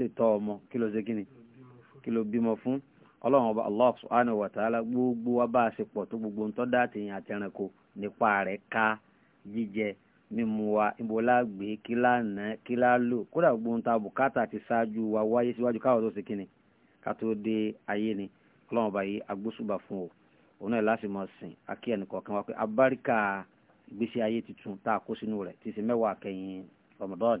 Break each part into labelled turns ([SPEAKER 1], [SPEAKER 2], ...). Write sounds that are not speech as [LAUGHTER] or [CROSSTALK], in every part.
[SPEAKER 1] lè tọ́ ọmọ kí ló ṣe kíni kí ló bímọ fún ọlọ́run ọba allah subhanahu wa ta'ala gbogbo wa bá a ṣe pọ̀ tó gbogbo ń tọ́da àtìyàn àti ẹranko nípa rẹ̀ ká jíjẹ mímu wa ibo lágbè kí lánà kí lálò kódà gbogbo ń ta bùkátà ti ṣáájú wa wáyé síwájú káwọn tó ṣe kíni ká tó dé ayé ni ọlọ́run ọba yìí agbóṣùbà fún o òun náà láti mọ̀ sìn akí ẹnìkọ̀ọ̀kan wá pé abáríkà ìgbésí ayé tuntun tá a kó sínú rẹ̀ ti ṣe mẹ́wàá kẹ́yìn Ramadan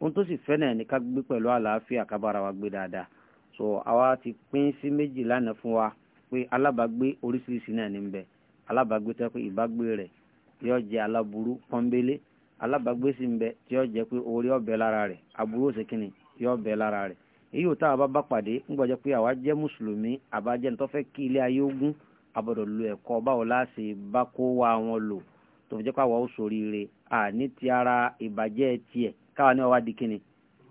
[SPEAKER 1] ohun tó sì fẹ́ náà ní ká gbé pẹ̀lú àlàáfíà ká bára wa gbé dáadáa so àwa ti pín sí méjì lánàá fún wa pé alábàágbé oríṣiríṣi náà ní bẹ alábàágbé tó pé ìbágbé rẹ̀ yóò jẹ́ aláburú pọ́nbélé alábàágbé sì ń bẹ tí yóò jẹ́ pé orí ọ̀bẹ lára rẹ̀ aburú òsèkìnnì yóò bẹ lára rẹ̀ èyí ò táwa bá bá pàdé ń gbọ́jọ́ pé àwa jẹ́ mùsùlùmí àbájẹ́ nítorí fẹ́ kí ilé ayé ogun abọ̀dọ̀ lu ẹ̀kọ́ báwo láàṣẹ bá kó wa wọn lò tó fi jẹ́ pé àwa ó ṣoríire àní ti ara ìbàjẹ́ tiẹ̀ káwa ní ọwá di kíni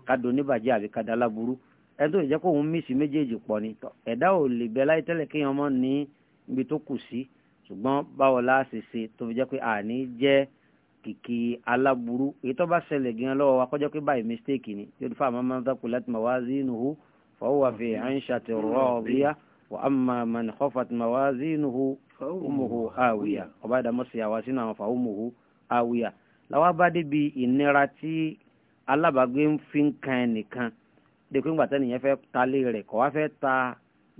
[SPEAKER 1] ká do níbàjẹ́ àbí ká dala burú ẹni tó jẹ́ kó òun mísì méjèèjì pọ̀ ni ẹ̀dá ò lè bẹ láyé tẹ́lẹ̀ kéèyàn mọ́ ní ibi tó kù sí ṣùgbọ́n báwo la ṣe ṣe tó fi jẹ́ pé àní jẹ́ kìkì aláburú èyí tó bá ṣẹlẹ̀ gan lọ́wọ́ wa kọjọ́ pé báyìí mistake ni yóò fà máa máa dákú láti máa wá sí inú hu fọwọ́ fi àyínṣà ti rọ ọ̀bíyá wà á máa máa ní kọfà ti máa wá sí inú hu umuhu awiya ọba ìdámọ́sí àwa sínú àwọn fàá umuhu làwọn bá débi ìnira tí alábàágbé ń fi ń kan ẹnìkan dèkú ńgbà tẹ́nìyẹn fẹ́ talé rẹ̀ kọ́ wá fẹ́ ta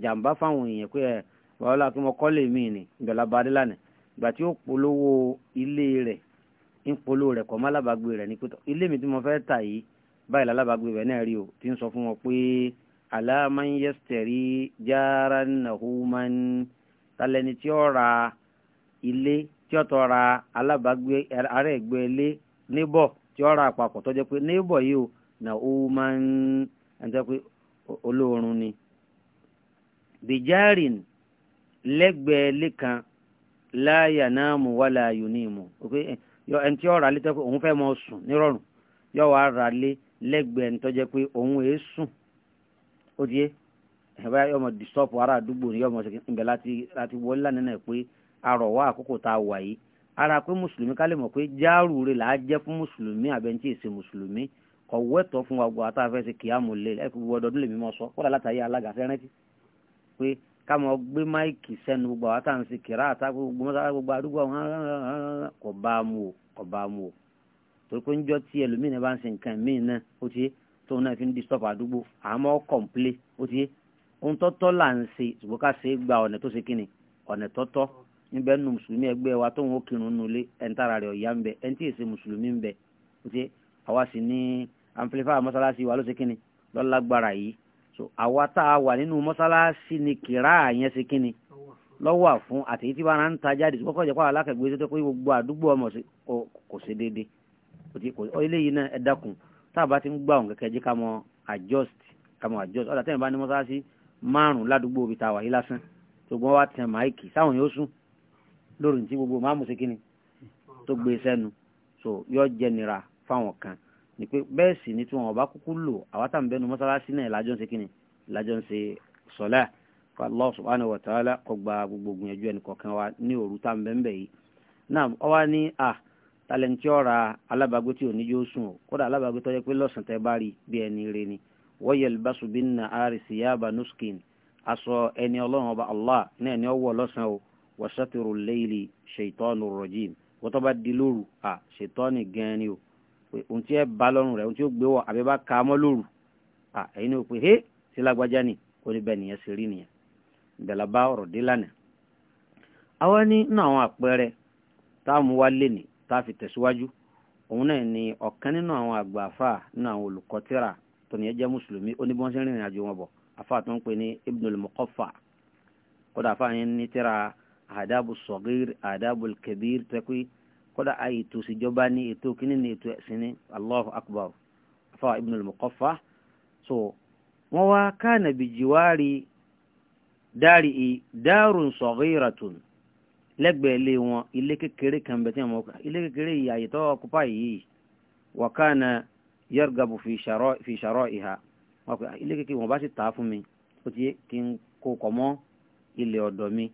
[SPEAKER 1] jàǹbá fáwọn èèyàn pé ẹ̀ wàá lọ́la kí mo kọ́ lè mí ni ìdọ̀là badé lánàá ìgbà tí ó polówó ilé rẹ̀ ń polówó rẹ̀ kọ́ mọ́ alábàágbé rẹ̀ ní pé ilé mi tí mo fẹ́ tà yìí báyìí lálábàágbé rẹ̀ náà rí o ti ń sọ fún wọn pé aláàmáyẹ́sítẹ̀rí jára nàhùmán talẹ́ni tí ó ra ilé tí ó tọ́ ra alábàágbé ará ilé níbọ̀ tí ra àpapọ̀ jẹ́ pé níbọ̀ yìí o nà ó máa ń pé olóorun ni. bijarin lẹ́gbẹ̀ẹ́ lẹ́kan láyà náà mú wà láàyò ní ìmọ̀ ẹni tí ó ra pé òun fẹ́ mọ sùn nírọ̀rùn yóò ra lé lẹ́gbẹ̀ẹ́ ẹni pé òun èé sùn ó di disọ́pù ará àdúgbò láti wọlé lánàá pé arọ̀ wá àkókò tá a wà yìí ara pé mùsùlùmí ká lè mọ̀ pé jáàrú rẹ̀ là á jẹ́ fún mùsùlùmí àbẹ̀ntì èsè mùsùlùmí kò wẹ́tọ̀ fún wa gbọ́ àtàfẹ́ ṣe kìámù lé ẹ fi wọ́dọ̀ ọdún lèmi mọ́ sọ kọ́dà látàyé alága fẹ́rẹ́ntì pé ká mọ̀ gbé máìkì sẹ́nu gbogbo àwọn àtàwọn ṣe kìrá àtàwọn gbogbo àdúgbò àwọn kò bá a mú o kò bá a mú o torí pé njọ́ tí ẹlòmíì náà bá ń ṣe nǹkan míì náà ó ti tóun náà fi ń disturb àdúgbò àmọ́ kọ̀ǹplé ó ti ohun tọ́tọ́ là ń ṣe ṣùgbọ́n ká ṣe é gba ọ̀nà tó ṣe kíni ọ̀nà tọ́tọ́ níbẹ̀ nù mùsùlùmí ẹgbẹ́ wa tó ń wó kírun nulẹ̀ ẹ̀ńtara rẹ̀ ọ̀yá ń bẹ ẹ̀ńtí èsè mùsùlùmí ń bẹ ṣe àwa sì ní amplifier mọ́sálásí wa ló ṣe kíni lọ́lágbára yìí so àwa tá a wà nínú mọ́sálásí ni kìrá yẹn ṣe kíni lọ́wọ́ fún àtẹ̀yí tí bára ń ta jáde tó kọ́kọ́ jẹ́ pé alákàgbé tó pé gbogbo àdúgbò ọmọ kò ṣe déédé eléyìí ti ń gbà òun adjust ká adjust ọ̀dà tẹ́yìn bá ní mọ́sálásí márùn-ún ládùúgbò òbí ta wà yìí lásán tó lórí tí gbogbo máàmù sí kíni tó gbé sẹ́nu so yọ jẹ́ nira fáwọn kan ni pé bẹ́ẹ̀ sì ni tí wọn ọba kúkú lò àwátàmbẹ́nu mọ́sálásí náà lájọ́ ń ṣe kíni lájọ́ ń ṣe sọ́lá Allah subhanahu wa ta'ala kó gba gbogbo gbìyànjú ẹnì kọ̀ọ̀kan wa ní òru tá ń bẹ́ẹ̀ yìí náà ọ wá ní à talẹ̀ntì ọ̀ra alábàágbé tí ò ní yóò sùn o kódà alábàágbé tó pé lọ́sàn tẹ́ bá rí bí ẹni rẹ ni wọ́yẹ lùbásù bí nà àrísí yaba nuskin aṣọ ẹni ọlọ́run ọba Allah náà ni ọ wọ̀ lọ́sàn o wàṣàtìrò lẹ́yìnlì ṣètọ́nù rọ̀jìm wọ́n tó bá di lóru à ṣètọ́nì gan ni o pé ohun tí ẹ bá lọ́rùn rẹ̀ ohun tí ó gbé wọ̀ àbí bá ka mọ́ lóru à ẹ̀yin náà pé hé sí lágbájá ni ó ní bẹ́ẹ̀ nìyẹn ṣe rí nìyẹn ìbẹ̀là bá ọ̀rọ̀ dé lánàá. àwa ní nínú àwọn àpẹẹrẹ tá a mú wá lé ní tá a fi tẹ̀síwájú òun náà ni ọ̀kan nínú àwọn àgbà nínú àwọn olùkọ́ tíra tó àdábù sọ̀gír àdábù kẹbíir tẹ́kù kódà àyè tó sì jọba ní ètò kínní ní ètò ẹ̀sìn ní Allahu akbar afa ibn al-muqaffa so wọ́n wá kánà bí jiwari dárí i dárun sọ̀gíratun lẹ́gbẹ̀ẹ́ ilé wọn ilé kékeré kan bẹ̀ tí wọ́n kọ́ ilé kékeré yìí àyè tó kópa yìí wà kánà yargabu fi shara'iha wọ́n kọ́ ah, ilé kékeré wọn bá sì tà á mi ó ti yé kí n kó kọ́ mọ́ mi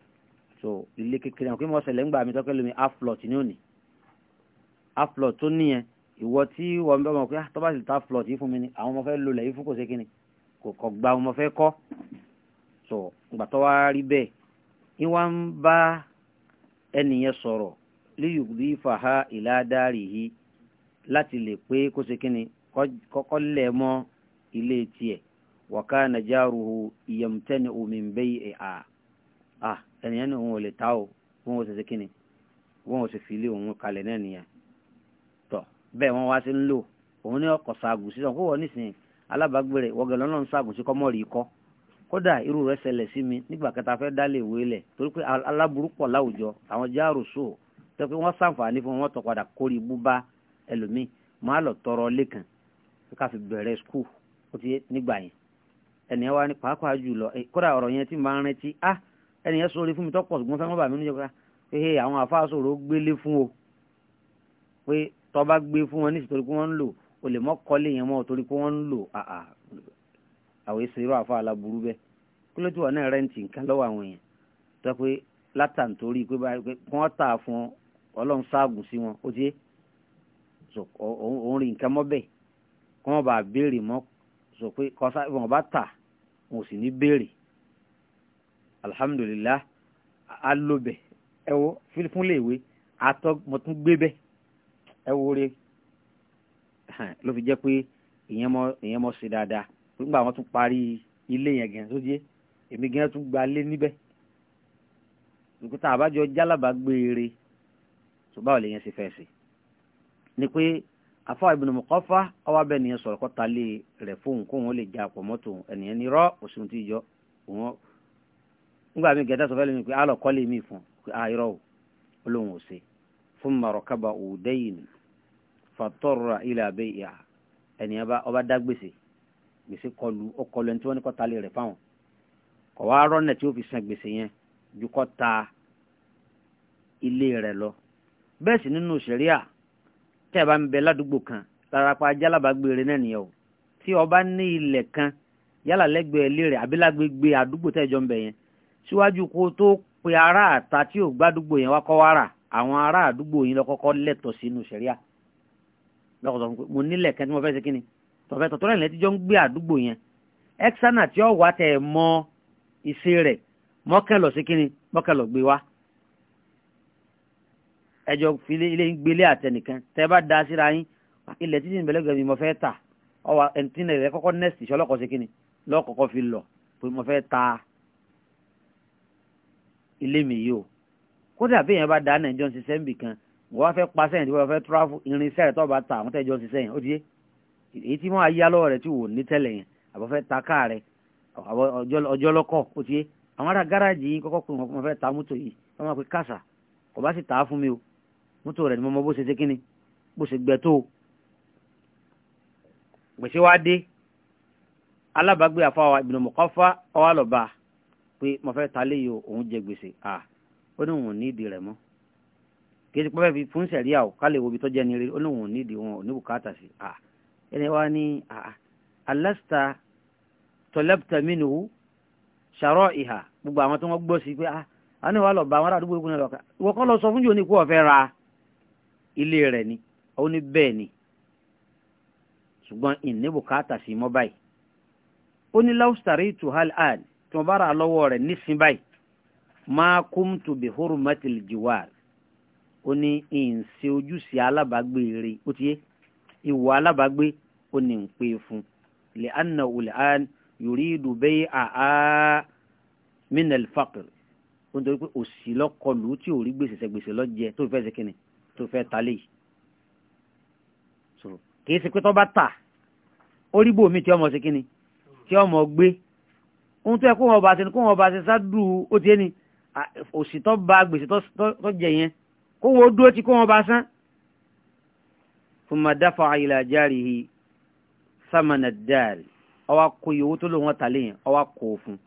[SPEAKER 1] so ilé kékeré àwọn kí mo ṣẹlẹ̀ ń gbà mí tọ́kẹ́ lómi aflot ní òní aflot tó níyẹn ìwọ tí wọ́n bá mọ̀ pé ah, tọ́ba sì ta aflot yìí fún mi ni àwọn ọmọ fẹ́ lò lẹ̀ yìí fún kò sí kíni kò kọ̀ gba ọmọ fẹ́ kọ́ so ìgbà tó wá rí bẹ́ẹ̀ ni wọ́n ń bá ẹnìyẹn sọ̀rọ̀ líyùbí fàá ìládàárì yìí láti lè pé kó ṣe kíni kọ́kọ́ lẹ̀ mọ́ ilé tiẹ̀ wàká nàjàrú ìyẹ̀mùtẹ́ni omi ń bẹ́ẹ̀ à à ẹnìyẹn ní òun ò lè ta o wọn ò sì ṣe kíni wọn ò sì fi ilé òun kalẹ̀ náà nìyẹn tọ̀ bẹ́ẹ̀ wọ́n wá sí ń lò òun ní ọkọ̀ ṣaagun sí ọkọ̀ wọ́n nísìnyí alábàágbé rẹ̀ wọ́gẹ̀ lọ́nà ń ṣaagun sí kọ́mọ́rì ikọ́ kódà irú rẹ̀ ṣẹlẹ̀ sí mi nígbà kẹta fẹ́ dálé ìwé lẹ̀ torí pé aláburú pọ̀ láwùjọ àwọn járòsó tó pé wọ́n sàǹfààní fún wọn tó padà kórìí bú bá máa lọ tọrọ lẹ́kàn ká fi bẹ̀rẹ̀ skul ó ti nígbà yẹn ẹnìyẹn wá ní pàápàá jùlọ kódà ọ̀rọ̀ yẹn ti máa ń rántí ah ẹni yẹn sọ̀rọ̀ fún mi tọ́pọ̀ ṣùgbọ́n fẹ́ mọ́ bàmí níjọba pé àwọn àfáàsọ̀rọ̀ gbélé fún o pé tọ́ba gbé fún wọn níṣẹ́ torí pé wọ́n ń lò o lè mọ́ kọ́lé yẹn mọ́ torí pé wọ́n ń lò àà àwọn èsì irú àfa aláburú bẹ́ẹ̀ kí ló ti wà náà rẹ́ǹtì nǹkan lọ́wọ́ àwọn èèyàn tó pé látàntorí pé wọ́n tà fún ọlọ́run ságùn sí wọn ó ti yé òun rí nǹkan mọ́ bẹ́ẹ̀ kí wọ́n bá béèrè mọ́ sọ pé kọ́sá wọn tà wọn ò sì ní béèrè alhamdulillah alobẹ ẹwọ fúnléèwé atọ mọtún gbébẹ ẹwọ rẹ [LAUGHS] ló fi jẹ pé ìyẹn mọ ìyẹn mọ sí dáadáa nígbà wọn tún parí ilé yẹn gẹn tó yé èmi gẹn tún gba lé níbẹ nǹkan àbájọ jálàbá gbére ṣùgbọ́n òlè yẹn sì fẹ́ sí ni pé afọ Ibn Muqaffa ọwọ́ abẹ́ nìyẹn sọ̀rọ̀ kọ́ta lé fóun kóun ó lè ja àpọ̀ mọ́tò ẹnìyẹn ní tí ì òun nígbà mi gẹ̀ẹ́dá sọ fẹ́ lómi pé a lọ kọ́lé mi fún pé a ah, irọ́ o olóhùn ò ṣe fún marokaba òdẹ́yìn fatọ́rọ̀ra ilẹ̀ abẹ́ ìyá ẹnìyàn bá ọba dá gbèsè gbèsè kọlu ọkọlu ẹni tí wọ́n ní kọ́ ta lè rẹ̀ fáwọn kọ̀ wá rọ́nà tí ó fi san gbèsè yẹn ju kọ́ ta ilé rẹ̀ lọ bẹ́ẹ̀ sì nínú ṣẹ̀ríà tẹ́ ẹ bá ń bẹ ládùúgbò kan larapa jálábàgbére náà nìyẹn o tí ọba ní ilẹ̀ kan yálà lẹ́gbẹ̀ẹ́ ilé rẹ̀ àbí lágbègbè àdúgbò tẹ́jọ́ ń bẹ yẹn síwájú kó tó pe ará àta tí ò gbádùgbò yẹn wá kọ́ wá rà àwọn ará àdúgbò yìí lọ́kọ́kọ́ lẹ́tọ̀ sínú sẹ̀ríà lọ́kọ̀tọ̀ mo nílẹ̀ kẹ́ tí mo fẹ́ ṣe kíni tọ̀fẹ́ tọ̀tọ̀ rẹ̀ lẹ́tí jọ ń gbé àdúgbò yẹn ẹ́ksánà tí ó wà tẹ̀ mọ ìṣe rẹ̀ mọ́kànlọ́ sí kíni mọ́kànlọ́ gbé wá ẹjọ́ fi ilé gbélé àtẹnìkan tẹ́ bá da síra yín ilẹ̀ títí ìbẹ̀lẹ́gbẹ̀ mi mo fẹ́ tà ọwọ́ ẹni tí ń kọ́kọ́ nẹ́ẹ̀sì ṣọlọ́kọ̀ sí kíni lọ́kọ̀ọ́kọ́ fi lọ pé mo fẹ́ ta ilé mi yìí o kódà bí èèyàn bá dá nàìjọ́ ṣiṣẹ́ níbì kan wọ́n fẹ́ pa sẹ́yìn tí wọ́n fẹ́ tíráfù irinṣẹ́ rẹ̀ tó bá ta àwọn tẹ́jọ́ ṣiṣẹ́ yẹn ó ti yé èyí tí wọ́n á yá lọ́wọ́ rẹ̀ tí wò ní tẹ́lẹ̀ yẹn àbọ̀ fẹ́ ta káà rẹ̀ ọjọ́ lọ́kọ̀ ó ti yé àwọn ará gáràjì yìí kọ́kọ́ pé wọ́n fẹ́ ta mọ́tò yìí wọ́n máa pe kásà kò bá sì tà á fún mi o mọ́tò rẹ̀ ni mo mọ bó ṣe ṣe kí ni bó ṣe gbẹ tó o gbèsè wá dé alábàágbé àfáwà pé mo fẹ́ ta lé yìí òun jẹ gbèsè à ó ní òun ní ìdí rẹ̀ mọ́ kì í ti pẹ́ fi fún sẹ̀ríà ò ká lè wo ibi tó jẹ́ ní rí ó ní òun ní ìdí wọn ò ní bùkátà sí à ẹni wá ní à alásìta tọ́lẹ́pùtà mínú ṣàrọ̀ ìhà gbogbo àwọn tó wọ́n gbọ́ sí pé a ní wàá lọ bá àwọn ará àdúgbò ìkúnlẹ̀ lọ́ka ìwọ kọ́ lọ sọ fún jòní kó ọ̀fẹ́ ra ilé rẹ̀ ni ó ní bẹ́ẹ̀ ni ṣùgbọ́n ìní sí mọ́ báyìí ó ní láwùsàrí tùhálì àdì tí wọ́n bá rà nísìn báyìí máa kumtu bi hurmatil jiwar ó ní ìǹṣe ojúṣe alábàágbé rè ó ti yé ìwọ alábàágbé ó ní ń pè fún lè anna ul'an yuridu bay'a min al-faqr ó ń torí pé òsì lọ́kọlù tí ò rí gbèsè sẹ́gbèsè lọ́jẹ tó fẹ́ ṣe tó fẹ́ ta léyìí kìí ṣe pé tó bá tà ó rí bòmí tí ọmọ ṣe kíni tí ọmọ gbé ohun tó yẹ kó wọn ọba àtẹnu kó wọn ọba àtẹnu sádù ó tiẹ̀ ni òsì tó ba gbèsè tó jẹ yẹn kó wọn ó dúró ti kó wọn ọba sán. fúnma dáfà ila jarihi samana dáàrí ọwọ́ kó iye owó tó lò wọ́n ta léyìn ọwọ́ kó fún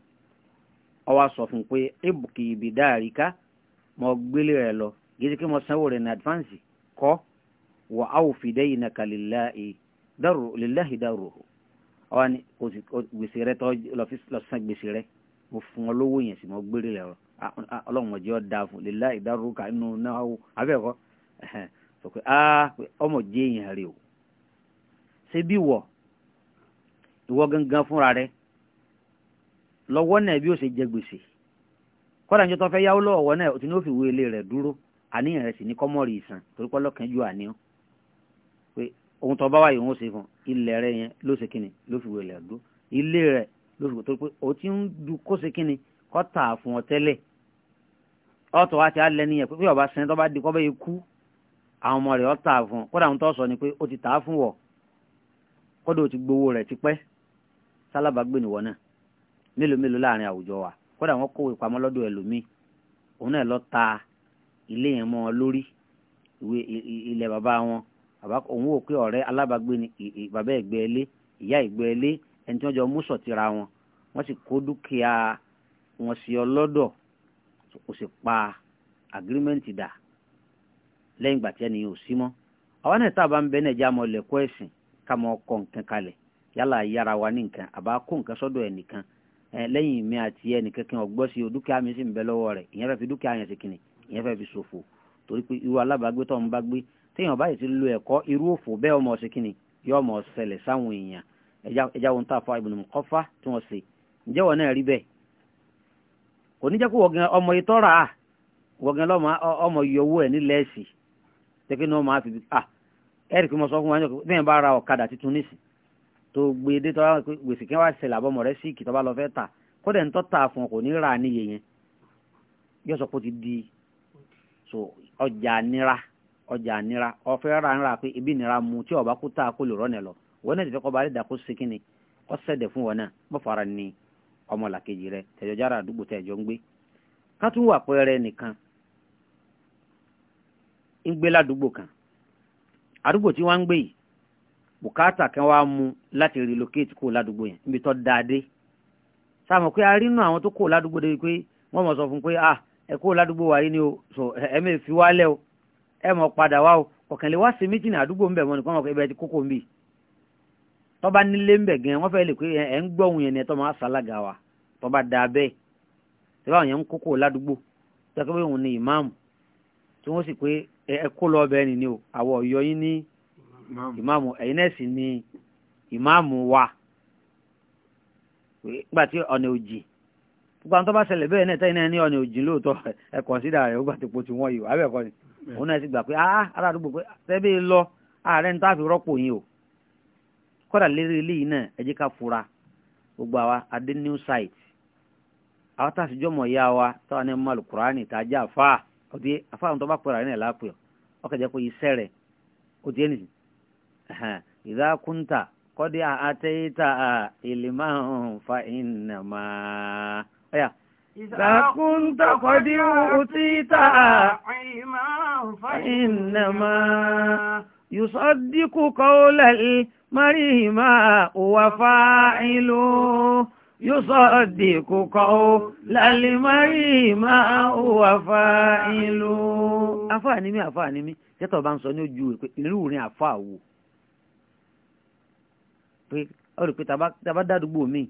[SPEAKER 1] ọwọ́ sọ fún pé ibùkì ibi dáàrí ká mọ gbélé rẹ lọ gidi kí mo sanwó rẹ ní advance kọ́ wọ́n á fìdẹ́yìn nàkàlélá ẹ̀ dárò lè láhìí ọ ni gbèsè rẹ tọ́ lọ́sàn gbèsè rẹ mo fún ọ lówó yẹn sì mo gbére lẹ́rọ ọlọ́run ọjọ́ da fún lèlá ìdárúkà nínú náà abẹ́ẹ̀kọ́ sọ pé ọmọ jẹ́ èèyàn rẹ o ṣé bí wọ ìwọ gangan fúnra rẹ lọ́wọ́ náà bí o ṣe jẹ gbèsè kọ́dà níjọ́ tó fẹ́ yáwó lọ́wọ́ náà o ti ní o fi wé ilé rẹ̀ dúró àníyàn rẹ̀ sì ní kọ́mọ́rì ìsàn torípọ́ lọ́kàn ju àníyàn ohun tó bá wà yìí wọ́n ṣe fún ilẹ̀ rẹ yẹn ló ṣe kíni ló fi wẹ̀lẹ̀ dó ilé rẹ ló fi tó pé o ti ń du kó ṣe kíni kọ́ tà fún ọ tẹ́lẹ̀ ọ̀tọ̀ wa ti á lẹ níyẹn pé bí ọba sẹ́ni tó bá di kọ́ bẹ́ẹ̀ kú àwọn ọmọ rẹ̀ ọ tà fún ọ kódà àwọn tó sọ ni pé o ti tà á fún wọ kódà o ti gbowó rẹ̀ tipẹ́ sálábàgbé nìwọ náà mélòó mélòó láàrin àwùjọ wa kódà wọn kó ìpamọ́ lọ́dọ̀ ẹlòmíì òun náà lọ ta ilé yẹn mọ́ ọ lórí ilẹ̀ bàbá wọn bàbá òun ò pé ọ̀rẹ́ alábàágbé ni bàbá ẹ̀gbẹ́ ilé ìyá ẹ̀gbẹ́ ilé ẹni tí wọ́n jọ mú sọ̀tìra wọn wọ́n sì kó dúkìá wọn sí ọlọ́dọ̀ kò sì pa agirímẹ́ǹtì dà lẹ́yìn ìgbà tí ẹni yóò sí mọ́ àwọn náà tábà ń bẹ náà já mọ́ lẹ́kọ́ ẹ̀sìn ká mọ́ kọ́ nǹkan kalẹ̀ yálà yára wa ní nǹkan àbá kó nǹkan sọ́dọ̀ ẹnìkan lẹ́yìn mi àti ẹnìkan kí wọ́n gbọ́ sí o dúkìá mi sì ń bẹ lọ́wọ́ rẹ̀ ìyẹn fẹ́ fi dúkìá yẹn sí kìnnì ìyẹn fẹ́ fi ṣòfò torí pé irú alábàágbé tó ń bá gbé téèyàn báyìí ti lo ẹ̀kọ́ irú òfò bẹ́ẹ̀ ọmọ ọ̀sẹ̀ kìíní yóò mọ̀ ṣẹlẹ̀ sáwọn èèyàn ẹja wọn tàfà Ibn Muqaffa tí wọ́n ṣe ǹjẹ́ wọn náà rí bẹ́ẹ̀ kò ní jẹ́ kó wọ̀gàn ọmọ ìtọ́ra à wọ̀gàn ọmọ ìyọwó ẹ̀ nílẹ̀ ẹ̀sì tẹ́kí ni wọ́n máa fi à ẹ̀rì kí mo sọ fún wọn bí wọ́n bá ra ọ̀kadà tuntun nísì tó gbé e dé tọ́ gbèsè kí wọ́n ṣẹlẹ̀ di so ọjà nira ọjà nira ọ̀fẹ́ ra nira pé ibi nira mu tí ọba kú tá a kó lè rọ́nà lọ wọn náà ti fẹ́ kọ́ fún wọn náà mọ́fara fara ni ọmọ làkejì rẹ tẹ̀jọ́ jára àdúgbò tẹjọ ń gbé ká wà nìkan ń gbé àdúgbò tí ń gbé yìí bùkátà kan wá láti relocate kó ládùúgbò yẹn níbi dáadé pé àwọn tó kó ládùúgbò débi pé wọ́n ah, o so e mọ̀ padà wá o ọ̀kàn lè wá sí méjì ní àdúgbò ńbẹ̀ wọn nìkan ọkọ̀ ibẹ̀ ti kókó mbi tọ́ba nílé ńbẹ̀ gan wọ́n fẹ́ lè pé ẹ̀ ń gbọ́ ni ẹ̀tọ́ máa ṣàlàgà wa tọ́ba da bẹ́ẹ̀ tẹ́lá yẹn ń kókó ládùúgbò pé òun ni ìmáàmù tí wọ́n sì pé ẹ kó lọ o àwọ̀ ọ̀yọ́ yín ni ìmáàmù wa nígbà tí ọ̀nà òjì gbogbo àwọn ṣẹlẹ̀ bẹ́ẹ̀ náà tẹ́yìn náà ní ọ̀nà òjì lóòótọ́ ó gbà tó po òun náà sì gbà pé ah ara àdúgbò pé tẹ́bí lọ ààrẹ ní táàfin rọ́pò yín o kọ́dà lérí eléyìí náà ẹ jẹ́ ká fura gbogbo àwa adé new site àwọn tá a sì jọmọ̀ ya wa táwọn ní mọ́lù kùránì tá a jẹ́ àfa ọ̀dí àfa àwọn tó bá pẹ̀rọ àrínà lápẹ̀ ọkọ̀ jẹ́ pé iṣẹ́ rẹ̀ ó di ẹnìyí ìdá kúńtà kọ́dí àtẹ́yìntà ìlímọ̀ fa ìnàmà ọ̀yà.
[SPEAKER 2] لكنت قد أوتيت علما فإنما يصدق قول المريم وفاعل
[SPEAKER 1] يصدق قول المريم وفاعل àfáà ni mí àfáà ni mí tẹ́tọ̀ bá ń sọ ní ojú ìlú rin àfáà wo pé ọ̀rọ̀ pé tàbá dádúgbò míì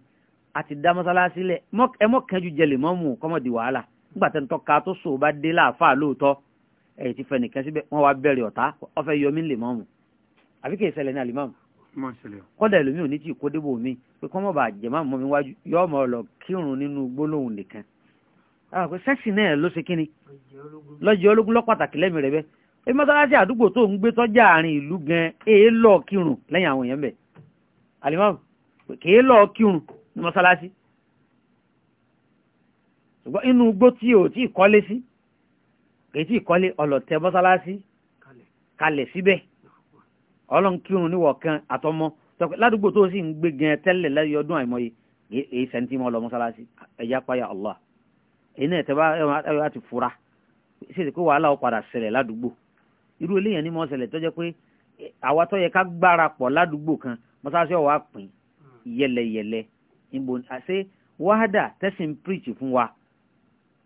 [SPEAKER 1] àti dá mọ́sálásí lẹ̀ ẹ mọ́ kẹ́jú jẹ lè mọ́ mú kọ́mọ̀dì wàhálà nígbà tẹ́ ń tọ́ka tó sòwò bá dé láàfáà lóòótọ́ ẹ̀yìn ti fẹ́ nìkan síbẹ̀ wọ́n wá bẹ̀rẹ̀ ọ̀tá ọ̀fẹ́ yọmí lè mọ́ mú àbí kì í ṣẹlẹ̀ ní àlìmọ́mù kọ́dà ẹlòmíì ò ní tí ì kó débò mi pé kọ́mọ̀ bá jẹ̀má mọ́ mi wájú yọ ọmọ lọ kírun nínú gbólóhùn nìkan àwọn pé sẹ́ẹ̀sì náà ló ṣe kíni lọ́jọ́ ológun lọ́pàtàkì lẹ́mìí rẹ̀ bẹ́ẹ̀ ebi mọ́sálásí àdúgbò tó ń gbé tọ́jà àárín ìlú gan-an èé lọ́ọ̀ kírun lẹ́yìn àwọn èèyàn bẹ̀ àlìmọ́mù kì í kírun ní mọ́sálásí ṣùgbọ́n inú igbó tí ò tí ìkọ́lé sí kì í tí ìkọ́lé ọlọ̀tẹ̀ mọ́sálásí kalẹ̀ síbẹ̀ ọlọ́nkírun níwọ̀kan àtọmọ ládùúgbò tó sì ń gbé gan tẹ́lẹ̀ lẹ́yìn ọdún àìmọye èyí sẹ́ńtì mọ́ lọ mọ́sálásí ẹ̀yà páyà Allah èyí náà tẹ́wá ẹ̀rọ àti fura ṣèṣe pé wàhálà ó padà ṣẹlẹ̀ ládùúgbò irú eléyàn ni mọ́ tó jẹ́ pé àwa tó yẹ ká gbára pọ̀ ládùúgbò kan mọ́sálásí ọ̀wá pín hmm. yẹlẹyẹlẹ ìbò àṣẹ wáhádà tẹ́sìn preach fún wa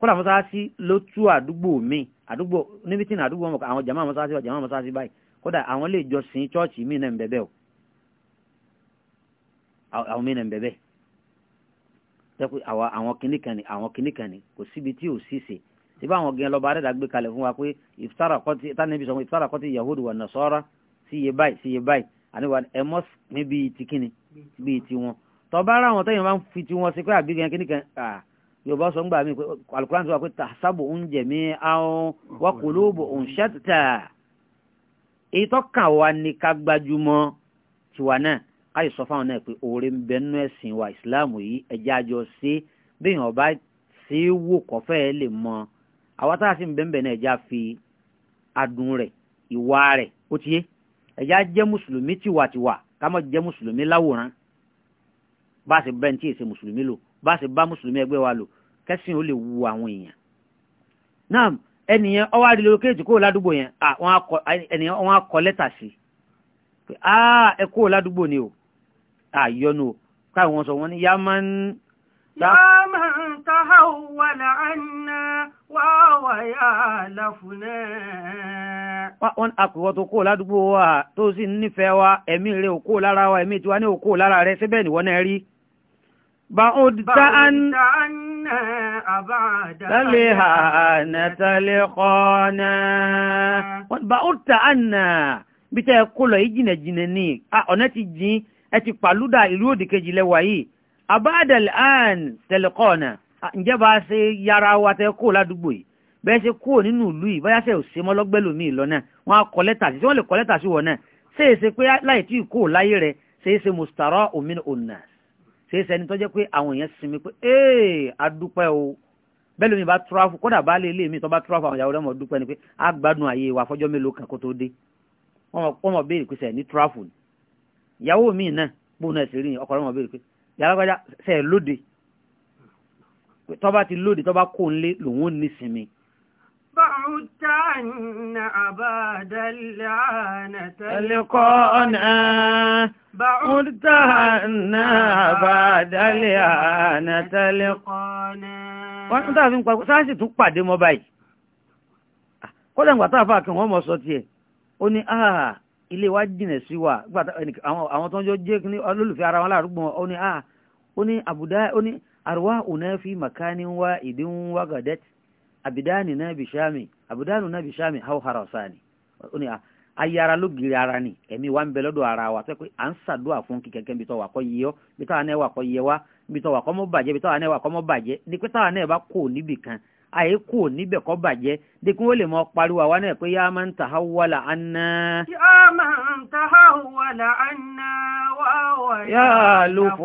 [SPEAKER 1] kódà mọ́sáàsì ló tú àdúgbò mi àdúgbò níbi tí àdúgbò wọn àwọn jàmáà mọ́sáàsì wa jàmáà mọ́sáàsì báyìí kódà àwọn lè jọ sin chọ́ọ̀chì mí náà ń bẹ̀bẹ̀ o àwọn mí náà ń bẹ̀bẹ̀ tẹ́kù àwọn kìnnìkan ni àwọn kìnnìkan ni kò síbi tí ò sí ṣe síbá àwọn gẹ́gẹ́ lọ́ba arẹ́dà gbé kalẹ̀ fún wa pé tánàbí sọ fún ìfitara kọ́tí yahudu wa nasara sí iye báyìí sí iye tọba ara wọn tẹyìn máa ń fi ti wọn sí pé àbí gan kíníkan yorùbá sọ ń gbà mí pé alukuran sọ pé tàṣàbò oúnjẹ mi àwọn wọkùlùbò òǹṣẹ́tìtà èyí tó kàn wá ní ká gbajúmọ̀ tiwa náà káyì sọ fáwọn náà pé oore ń bẹ nínú ẹ̀sìn wa ìsìláàmù yìí ẹ̀jẹ̀ àjọ sí bíyàn ọba ṣe é wò kọ́fẹ́ lè mọ àwa tá a sì ń bẹ́ẹ̀ bẹ́ẹ̀ náà ẹ̀jẹ̀ fi adùn rẹ̀ ìwà rẹ̀ ó ti yé ẹ̀jẹ̀ á mùsùlùmí tiwàtiwà ká má jẹ́ mùsùlùmí láwòrán bá a ṣe bẹ́ẹ̀ tí èsè mùsùlùmí lò bá a ṣe bá mùsùlùmí ẹgbẹ́ wa lò kẹ́sìn ó lè wu àwọn èèyàn náà ẹnìyẹn ọwọ́ àdìlẹ lókèjì kúrò ládùúgbò yẹn ẹnìyẹn wọn á kọ lẹ́tà sí i ẹ kúrò ládùúgbò ni o àyọnu o káwọn wọn sọ wọn ni yaman.
[SPEAKER 2] yaman tahawwala anna wà wáyà láfúnẹ́.
[SPEAKER 1] wọ́n àpèwọ́ tó kúrò ládùúgbò wa tó sì nífẹ̀ẹ́ wa ẹ̀mí rẹ̀ ò kúrò lára wa ẹ̀mí tiwa ní ò kúrò lára rẹ̀ síbẹ̀ nìwọ́n náà rí. بعدت أن
[SPEAKER 2] تلهانة
[SPEAKER 1] لقانا بعدت أن bítẹ́ kó lọ yìí jìnà jìnà ní ọ̀nà ti jìn ẹ ti pàlúdà ìlú òdì kejì lẹ́wà yìí abadal an tẹlẹkọ́ọ̀nà ǹjẹ́ bá a ṣe yára wa tẹ́ kó ládùúgbò yìí bẹ́ẹ̀ ṣe kó nínú ìlú yìí báyà ṣe òṣè mọ́lọ́gbẹ́ lómi ìlọ náà wọ́n á kọ́ lẹ́tà sí wọ́n lè kọ́ lẹ́tà sí wọn náà ṣe é ṣe pé láì tí ì kó láyé rẹ̀ ṣe é ṣe mùsùtàrọ́ òmìnira ònàs ṣeéṣe ẹni tó jẹ́ pé àwọn èèyàn sinmi pé ee adúpẹ́ o bẹ́ẹ̀ lómi bá túráfù kódà bá lè lé mi tó bá túráfù àwọn ìyàwó rẹ̀ mọ̀ dúpẹ́ ni pé á gbádùn àyè wa fọjọ́ mélòó kan kó tó dé wọ́n mọ̀ béèrè pé sẹ̀ ní túráfù ni ìyàwó mi náà bóun náà sì rí ọkọ rẹ̀ mọ̀ béèrè pé yàrá gbájá sẹ̀ lóde tó bá ti lóde tó bá kó ń lé lòun ò ní sinmi
[SPEAKER 2] بعدت أن أباد اللعنة لقانا
[SPEAKER 1] بعدت أن أباد اللعنة
[SPEAKER 2] لقانا
[SPEAKER 1] wọ́n tún tàbí ń pa sáàsì pàdé mọ́ báyìí kódà ńgbà táàfà kí ó ní ah ilé wa jìnà sí wa àwọn tó ń jọ jẹ́ ní olólùfẹ́ ara wọn láàrúgbó ó ní ah ó ní àbùdá ó ní àrùwá òun náà fi màkání wá ìdí ń wá gàdẹ́tì Abidani náà bì sáàmì àbìdáàni náà bì sáàmì hau hara ọ̀sáàni ó ní ayára ló giri ara ni ẹ̀mí wa ń bẹ ara wa pé à ń ṣàdúrà fún kí kẹ̀kẹ́ bí tọ́wà kọ́ yẹ ọ́ bí táwa náà wà wa yẹ wá bí tọ́wà kọ́ baje. bàjẹ́ bí táwa náà wà kọ́ mọ́ bàjẹ́ ní pé táwa náà bá kò níbì kan àyè kò níbẹ̀ kọ́ bàjẹ́ díkún ó lè mọ pariwo àwa náà pé yá máa ń tà á wàlà àná.
[SPEAKER 2] yá máa ń tà á wàlà àná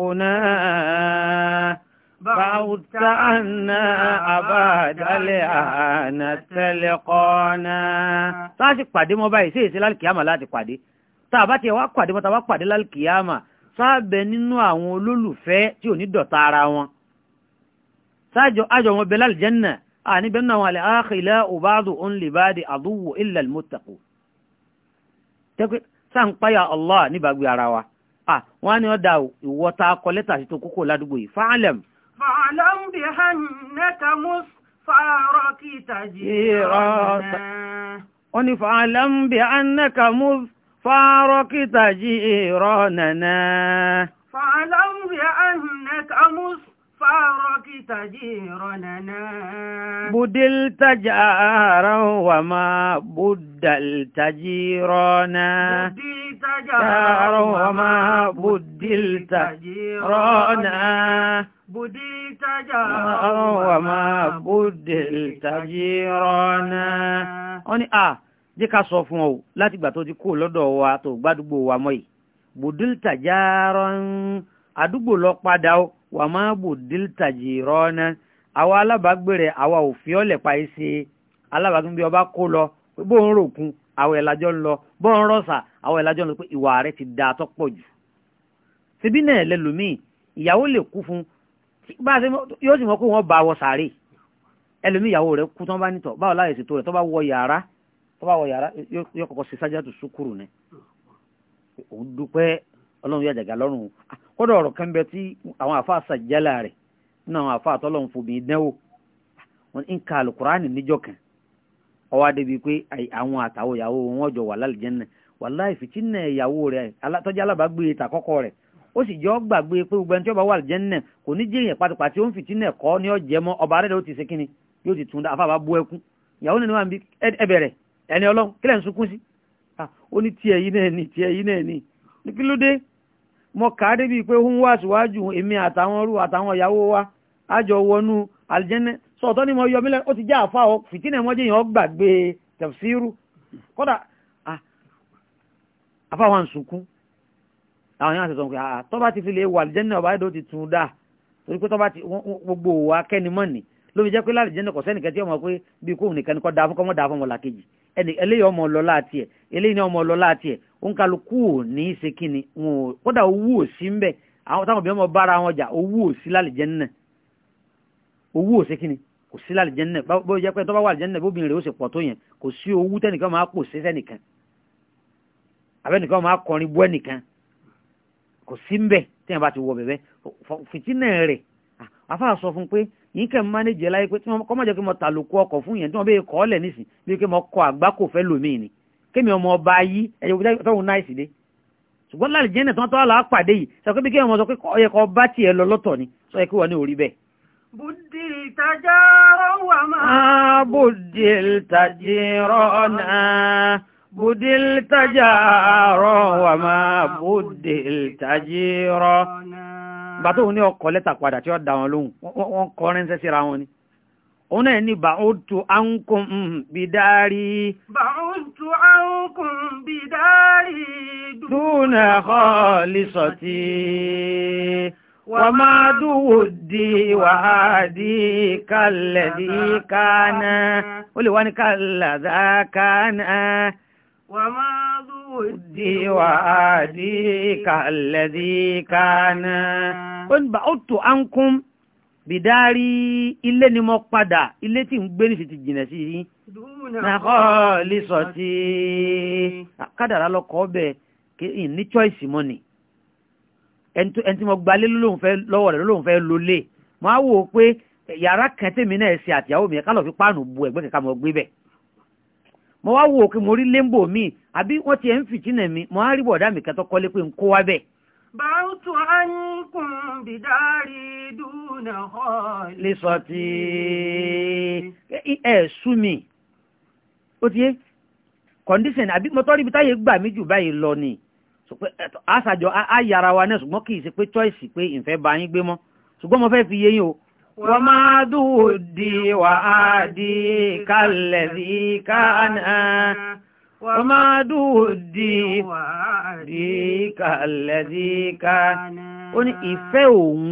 [SPEAKER 1] wà بعدت أباد أبعد لأنا تلقانا sáàsì pàdé mọ́ báyìí sí èsì lálkìyàmà láti pàdé tá a bá tiẹ̀ wá pàdé mọ́ tá a bá pàdé lálkìyàmà sáàbẹ̀ nínú àwọn olólùfẹ́ tí ò ní dọ̀ta ara wọn sáàjọ àjọ wọn bẹ̀lá àlìjẹ́nà àní bẹ́ẹ̀ náà wọn àlẹ́ àkìlẹ̀ òbáàdù òun lè bá di àdúwò ilẹ̀ mọ́tàkù tẹ́kẹ́ sáàpáyà Allah níbàgbé ara wa wọ́n á ní ọ̀dà ìwọ́ta kọ lẹ́tà sí tó kókó ládùúgbò yìí
[SPEAKER 2] فاعلم بأنك مصفارك تجيرنا
[SPEAKER 1] وني فاعلم بأنك مصفارك تجيرنا
[SPEAKER 2] فاعلم بأنك مصفارك تجيرنا
[SPEAKER 1] بدلت جارا وما بدلت جيرانا
[SPEAKER 2] بدل تجارا وما
[SPEAKER 1] بدلت رانا
[SPEAKER 2] بدلت جارا
[SPEAKER 1] وما بدلت جيرانا ó ní à jẹ́ ká sọ fún ọ láti gbà tó ti kó lọ́dọ̀ wa tó gbádùgbò wa mọ́ yìí budilta jaran àdúgbò lọ padà ó wà má budilta jirana àwa alábàágbèrè àwa òfin ọ̀lẹ̀ pa ẹ̀ ṣe alábàágbé ọba àwọn ìlàjọ ń lọ bọ́ ń rọ́ọ̀sà àwọn ìlàjọ ń lọ pé ìwà rẹ ti da tó pọ̀ jù síbí náà lẹ́lòmíì ìyàwó lè kú fún bá a ṣe yóò sì mọ kó wọn bá wọ sàárè ẹlòmíì ìyàwó rẹ kú tán bá nítọ̀ báwo láyè ṣètò rẹ tó bá wọ yàrá tó bá wọ yàrá yóò kọ́kọ́ ṣe sájàtù sùkúrù ni òun dúpẹ́ ọlọ́run yóò àjàgà lọ́rùn kódà ọ̀rọ̀ kan bẹ tí àwọn àfáà sàjálà rẹ̀ nínú àwọn àfáà tọ́lọ́run fòbí dẹ́wò wọn ń ka alukurani níjọ kan ọwọ́ adébi pé àwọn àtàwọn ìyàwó wọn jọ wà lálìjẹ́nà wàláì fìtínà ìyàwó rẹ̀ tọ́jú alábàágbé ìtàkọ́kọ́ rẹ̀ ó sì jọ gbàgbé pé gbogbo ẹni tí ó bá wà lálìjẹ́nà kò ní jẹ́ èèyàn pátápátá tí ó ń fìtínà ẹ̀kọ́ ní ọ̀jẹ̀ mọ́ ọba rẹ̀ ló ti ṣe kíni yóò ti tún afáfá bú ẹkún ìyàwó nínú àbí ẹbẹ̀rẹ̀ ẹni ọlọ́run kílẹ̀ ń mo kà á débi pé ó ń wa á jọ wọnú sọ̀tọ́ ni mo yọ mílẹ̀ ó ti jẹ́ àfa ọ fìtínà mọ́jẹ́ yẹn ọ gbàgbé tẹ̀fsíìrù kódà àfa wa ń sunkún àwọn yẹn àtẹ̀sọ̀ pé tọ́ba ti fi lè wà lìjẹ́nà ọba ẹ̀dọ́ ti tún dáa torí pé tọ́ba ti gbogbo òwò akẹ́nimọ́ni ló fi jẹ́ pé láti jẹ́nà kọ̀sẹ́ nìkan tí ọmọ pé bí kóhùn nìkan ni kọ́ da fún kọ́mọ́ da fún ọmọ làkejì ẹni eléyìí ọmọ lọ láti ẹ̀ eléyìí ni ọmọ lọ láti ẹ̀ òun kálukú ò ní í ṣe kíni wọn ò kódà owó ò sí ń bẹ̀ àwọn táwọn òbí ọmọ bára kò sí lálìjẹ́nà bó jẹ́ pé tó bá wà lálìjẹ́nà bóbìnrin rẹ̀ ó sì pọ̀ tó yẹn kò sí owú tẹ́nìkan máa pò sí sẹ́nìkan abẹ́nìkan máa kọrin bú ẹnìkan kò sí ń bẹ̀ tẹ́yìn bá ti wọ bẹ̀bẹ̀ fìtínà rẹ̀ afáà sọ fún pé yín kẹ́ ń mánéjì ẹ̀ láyé pé tí wọ́n kọ́ mọ̀jọ́ kí mo tà lóko ọkọ̀ fún yẹn tí wọ́n bẹ́ẹ̀ kọ́ ọ́lẹ̀ nísìn bí kí mo kọ àgbákò fẹ́ lómi ni kémi ọmọ ọba yí ẹ̀yẹ wò tọ́wọ́ náà sì dé ṣùgbọ́n lálẹ́ jẹ́nẹ̀ tí wọ́n tọ́ ni sọ yẹ kí wọ́n
[SPEAKER 2] بدي تجارا وما
[SPEAKER 1] بدي التجيرنا بدي التجارا وما بدي التجيرا bá tóun ní ọkọ̀ lẹ́tà padà tí ó dá wọn lóhùn wọ́n kọrin ṣẹ́ síra wọn ni òun náà ní bàútù áńkùn bìdárì
[SPEAKER 2] bàútù áńkùn bìdárì dúnà kọ́ lè
[SPEAKER 1] وما
[SPEAKER 2] دودي
[SPEAKER 1] وهادي كالذي كان ولوان كالذا كان
[SPEAKER 2] وما دودي
[SPEAKER 1] وهادي كالذي كان ان بعدت عنكم bìdárí ilé ni mo padà ilé tí ń gbé ní ti jìnà sí yí nàkọ́ lè sọ tí kádàrá lọ́kọ̀ọ́ bẹ̀ kí ní choice money ẹni tí mo gbalé lọ́wọ́ rẹ̀ lóhùn fẹ́ lólè mo á wò ó pé yàrá kan tèmi náà ṣe àtìyàwó mi ká lọ fi páànù bu ẹ̀gbẹ́ kẹ̀kẹ́ mo gbé bẹ̀ mo wá wò ó pé mo rí léńbò mi àbí wọ́n ti ẹ̀ ń fìtínà mi mo á rí bọ̀dá mi kẹtọ́ kọ́lé pé n kó wá bẹ̀.
[SPEAKER 2] bàtú àníkùn bìdárì dùnà
[SPEAKER 1] hàn. lè sọ ti ẹ sú mi ó ti yé kọ́ndíṣẹ̀n àbí mo tọ́ rí ibi táyé gbà mí jù báyìí lọ ni àṣàjọ eh, ayára wa náà ṣùgbọ́n kìí ṣe pé choice pé ìfẹ́ bá yín gbé mọ́ ṣùgbọ́n mo fẹ́ fi yé yín o. wọ́n máa dùn di wà kalẹ̀ sí kánà wọ́n máa dùn di wà kalẹ̀ sí kánà. ó ní ìfẹ́ òun